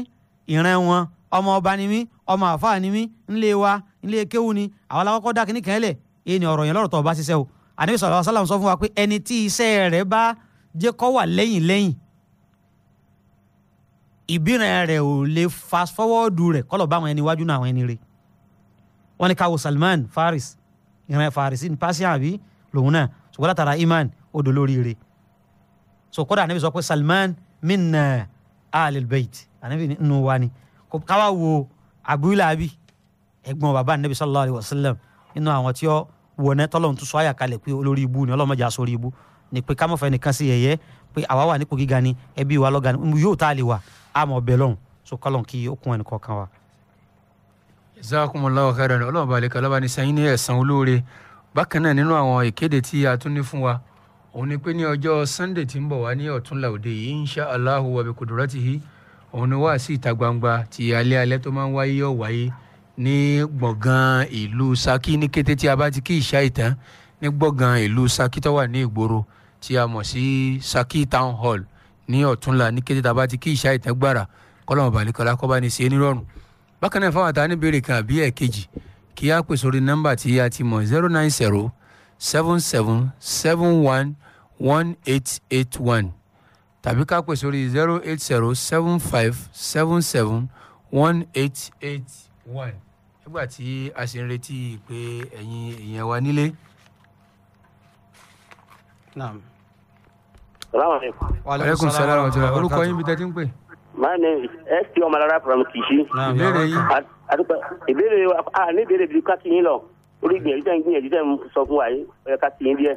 [SPEAKER 1] ìran wọn ọmọ ọba ni mí ọmọ àfáà ni mí ńlé wa ńlé kéwù ni àwọn alákọ̀ọ́kọ́ dá kínní kan èyí ni ọ̀rọ̀ yẹn lọ́rọ̀ tó ọba ṣiṣẹ́ o àníbi sọ̀rọ̀ sọ fún wa pé ẹni tí iṣẹ́ rẹ̀ bá jẹ́ wà lẹ́yìn lẹ́yìn ìbíran rẹ̀ ò lè fast forward rẹ̀ kọ́lọ̀ bá àwọn ẹni iwájú náà àwọn ẹni rẹ̀ wọ́n ní káwọ́ Salman Faris ìran Faris ní Persian àbí lòun náà ṣùgbọ́n látara iman odò lórí rẹ̀ so kódà ànábì sọ pé Salman minna alil bait ànábì nínú wa ni káwá wo Abu Lahabi ẹ̀gbọ́n bàbá ànábì sallallahu alayhi wa sallam nínú àwọn tí ó wọnẹ tọlọ́run tún sọ àyà kalẹ̀ pé olórí ibu ni ọlọmọdé aṣọ orí ibu ni pé kámọfẹ nìkan sí yẹ̀yẹ́ pé àwa wà nípò gíga ni ẹbí wa lọgàní yóò tá a lè wà àmọ́ bẹ́ẹ̀ lọ́hùn so kọ́lọ́n kí ó kún ẹnì kọ̀ọ̀kan wa.
[SPEAKER 2] jazakumullahu khairan ọlọ́run balẹ̀ kí ọlọ́ba ní sẹ́yìn ní ẹ̀sán olóore bákan náà nínú àwọn ìkéde tí a tún ní fún wa òun ni pé ní ọjọ́ sunday tí ń bọ̀ wá ní ọ̀túnla òde yìí insha Allahu wa bi qudratihi òun ni wàásù ìta gbangba ti alẹ́ alẹ́ tó máa ń wáyé yóò wáyé ní gbọ̀ngàn ìlú Ṣakí ní kété tí a bá ti kí ìṣá ìtàn ní gbọ̀ngàn ìlú Ṣakí tó wà ní ìgboro tí a mọ̀ sí Ṣakí town hall ní ọ̀túnla ní kété tàbá ti kí ìṣá ìtẹ́gbàrà kọ́lọ́mù balikọ́lá kọ́ba ní ṣe nírọ̀rùn bákan náà fáwọn àtàwọn níbèrè kan àbí ẹ̀kejì kí á pè sórí nọ́mbà tí a ti mọ̀ zero nine zero seven seven seven one one eight eight one tàbí ká pè sórí zero eight zero seven five seven seven one eight eight one nígbà tí a sì ń retí pé ẹ̀yin èèyàn wa nílé. Naam. No salaamaleykum. aleykum salaam wa rahmatulah olùkọ́ yín bí tẹ́tí ń pè. my name is st omalara from kishi. ìbéèrè yín. àdúgbò ìbéèrè a ní ìbéèrè bíi ká tiyín lọ orí gbìyànjú tẹ̀ ń gbìyànjú tẹ̀ ń sọ fún wa yìí ó yẹ ká tiyín díẹ̀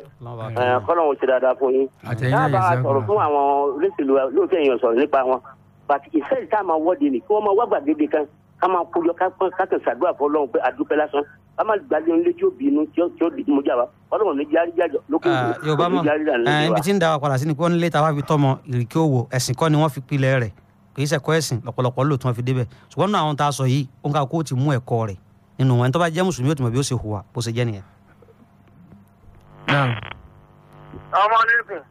[SPEAKER 2] kọ́nà òun ṣe dáadáa fún yín. dábàá sọ̀rọ̀ fún àwọn olóṣèlú lóòótọ́ èèyàn sọ̀rọ̀ nípa wọn but ìfẹ́ ìta máa wọ́de ni kí wọ́n máa wá gbàgede kan ká máa kójọ ká kàn ṣàdúrà fún ọlọ́run pé àdúpẹ́ lásán ká máa gbalẹ̀ nílé tí ó bínú tí ó di mú jàwá ọlọ́run ní járí jájọ lókè òkú ah, yorùbá mọ eh, ibi tí
[SPEAKER 1] ń da wa padà sí ni pé ó ń lé tàwa fi tọmọ ìrìkì òwò ẹ̀sìn kọ́ ni wọ́n fi pilẹ̀ rẹ̀ kì í ṣẹ̀kọ́ ẹ̀sìn lọ́pọ̀lọpọ̀ ló tún fi débẹ̀ ṣùgbọ́n náà àwọn tá a sọ yìí ó ń ká kó ti mú ẹ̀kọ́ rẹ̀ nínú wọn tó bá jẹ́ mùsùlùmí ó ti mọ̀ bí ó ṣe hùwà bó ṣe jẹ́ nìyẹn.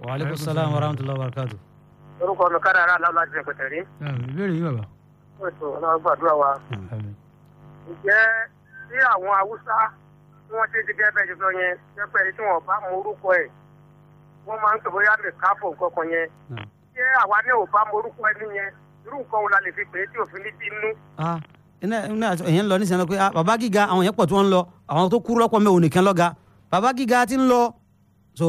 [SPEAKER 2] wàhálà kò sálàmù wa rahmatulahi wa barakatu. orúkọ mi kára ara aláwọ̀ láti ẹ̀kọ́ tẹ̀lé. ìbéèrè yìí bàbá ètò ọlọ́run gbàdúrà wa. ǹjẹ́ tí àwọn haúsá tí wọ́n ṣe ti gẹ́ bẹ́ẹ̀ jọjọ yẹn pẹ́pẹ́ tí wọ́n bá mọ orúkọ ẹ̀ wọ́n máa ń pè bóyá lè káfọ̀ nǹkan kan yẹn. ṣé àwa ní ò bá mọ orúkọ ẹni yẹn irú nǹkan wo la lè fi pè é tí
[SPEAKER 1] òfin ní bínú. ìyẹn ń lọ nísìnyẹn lọ pé bàbá gíga àwọn yẹn pọ̀ tí wọ́n ń lọ àwọn tó kúrú lọ́pọ̀ mẹ́wòó nìkan lọ́ga bàbá gíga ti ń lọ so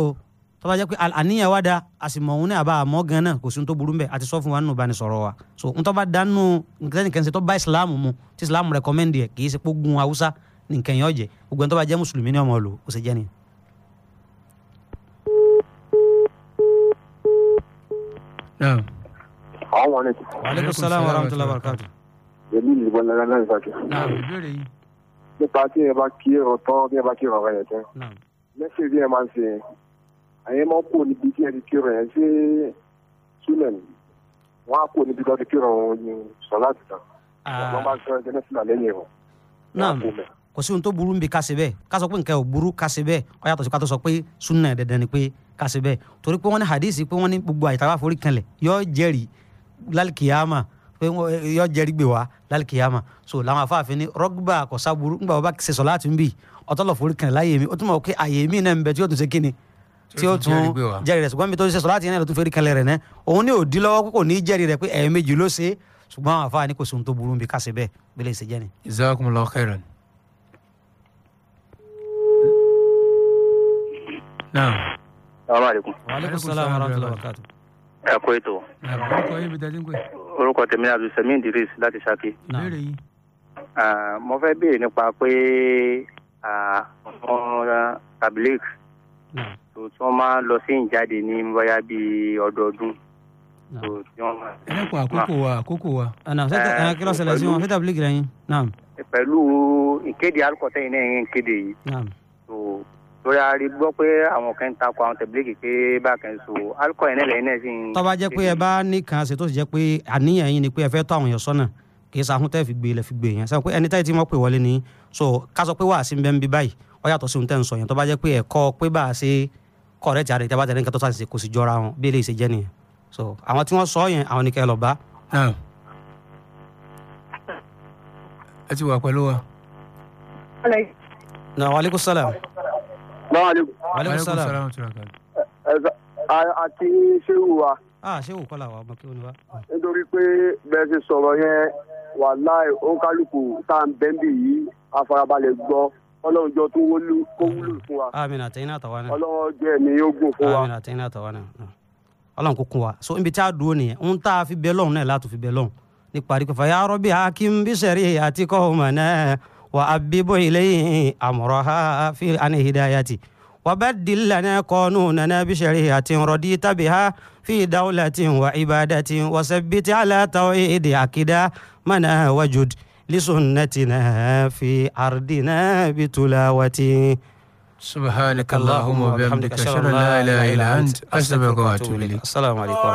[SPEAKER 1] tó bá jẹ́ pé àníyàn wá da àsìmọ̀ òun náà àbá àmọ́ gan náà kò sí tó burú mbẹ̀ àti sọ fún wa nínú ìbánisọ̀rọ̀ wa so n tó bá dánú nǹkan ṣe tó bá islam mu tí islam rẹkọmẹ́ndì ẹ̀ kì í ṣe pé gun haúsá ní nǹkan yẹn ọ̀jẹ̀ gbogbo ẹni tó bá jẹ́ mùsùlùmí ni ọmọ lò ó ṣe jẹ́ ni.
[SPEAKER 2] aleykum salaam wa rahmatullahi wa barakatuh. èmi ni ìbọn lẹ́la náà ìbàjẹ́. nípa tí ẹ bá kí ọ̀tọ́ bí ẹ bá kí ọ̀rọ̀ rẹ̀ yẹn tẹ́ mẹ́sì bí ẹ máa ń ṣe àyè máa kó níbi tí ẹni kírun yẹn ṣé súnà ni wọn á kó níbi tí wọn kírun ní sọlá ti tàn wọn máa sọ ẹgbẹ náà lẹ́yìn wọn.
[SPEAKER 1] náà kò sí ohun tó burú níbi kásì bẹ́ẹ̀ ká sọ pé nǹkan ò burú kásì bẹ́ẹ̀ ó yàtọ̀ sí ká tó sọ pé súnà dandan ni pé kásì bẹ́ẹ̀ torí pé wọ́n ní hadisi pé wọ́n ní gbogbo àyè tá a bá forí kanlẹ̀ yóò jẹ́rìí lálkìyàmà pé eh, yọ jẹrí gbé wa lálùkìyàmà so làwọn afáàfin ni rọgbà kọsá burú ngbà wọn bá ṣe sọ láti ń bì ọtọlọ forí kan láyé mi ó tún mọ pé àyè mi náà ń bẹ tí yóò tún ṣe tí ó tún jẹ́rìí rẹ̀ ṣùgbọ́n mi tó ṣe sọ láti yẹn ló tún fẹ́rí kẹlẹ́ rẹ̀ náà òun ní òdí lọ́wọ́ kó kò ní jẹ́rìí rẹ̀ pé ẹ̀ẹ̀mejì ló ṣe ṣùgbọ́n àwọn àfáà ní kò sóhun tó burú bí ká ṣe bẹ́ẹ̀ bẹ́lẹ̀ ṣe jẹ́ ni.
[SPEAKER 2] jazakumullahu khairan. naam. salaamu aleykum. wa aleykum salaam wa rahmatullahi wa barakatuh. ẹ kó ètò. orúkọ yìí mi dájú ń pè. orúkọ tèmi Abdulsami Idris láti Ṣakí. mo fẹ́ béèrè nípa pé àwọn tabilix tí wọ́n máa ń lọ sí ìjáde ní bóyá bíi ọdọọdún. ẹlẹ́kùn àkókò wa àkókò
[SPEAKER 1] wa àná ah, eh, ah, kí ló ṣẹlẹ̀ sí wọn fẹ́tà bílíkì lẹ́yìn náà.
[SPEAKER 2] pẹ̀lú ìkéde alukọ̀tẹ́ yìí náà ń kéde yìí. lórí ari gbọ́ pé àwọn kan ń takò àwọn tẹ̀bílíkì pé bákan so alukọ̀ yẹn náà lẹ́yìn náà sì ń. tó bá jẹ́ pé ẹ
[SPEAKER 1] bá nìkan ṣètò sì jẹ́ pé àníyàn yín ni pé ẹ fẹ́ tọ́ àwọn èèyàn sọ́nà kì í sahun tẹ́ fi gbé lẹ́ fi gbé yẹn sọ pé ẹni tẹ́ tí wọ́n pè wọlé ni so ká sọ pé wàá sí ń bẹ́ ń bí báyìí ó yàtọ̀ sí ohun tẹ́ ń sọ yẹn tó bá jẹ́ pé ẹ̀kọ́ pé bá a ṣe correct àrẹ ìjábá tẹ̀lé nǹkan tó sàṣìṣe kò sì jọra wọn bí eléyìí ṣe jẹ́ nìyẹn so àwọn tí wọ́n sọ yẹn àwọn ni kẹ́ ẹ lọ bá.
[SPEAKER 2] ẹ ti wà pẹ̀lú wa. na waaleykum salaam. waaleykum salaam. àti sehu wa.
[SPEAKER 1] ah sehu kọ́lá wa ọmọ kí
[SPEAKER 2] wọ́n ni wa. nítorí pé bẹ́ẹ̀ ṣe sọ̀rọ̀ yẹn wàláì ó kálukú tá à ń bẹ́ńbì yìí afarabalẹ̀ gbọ́ ọlọ́run jọ tó wúlò kó wúlò fún wa.
[SPEAKER 1] àmín àtẹ̀yìn náà tàwa
[SPEAKER 2] náà. ọlọ́run jẹ́ ẹ̀mí ogun fún wa. àmín
[SPEAKER 1] àtẹ̀yìn náà tàwa náà. ọlọ́run kò kún wa so ibi tí a dúró nìyẹn ń tá fi bẹ lọ́run náà látò fi bẹ lọ́run ní parí pẹ̀fà yà rọ́bì hakim bisẹ̀rì àti kọ́ọ̀mọ̀ náà wà á bíbọ ilé àmọ̀rọ̀ ha fi àní hidayati وبدل لنا قانوننا بشريعة رديت بها في دولة وعبادة وثبت على توحيد عقيدة منا وجد لسنتنا في أرضنا بتلاوة
[SPEAKER 2] سبحانك اللهم وبحمدك أشهد أن لا إله إلا أنت أستغفرك وأتوب إليك
[SPEAKER 1] السلام عليكم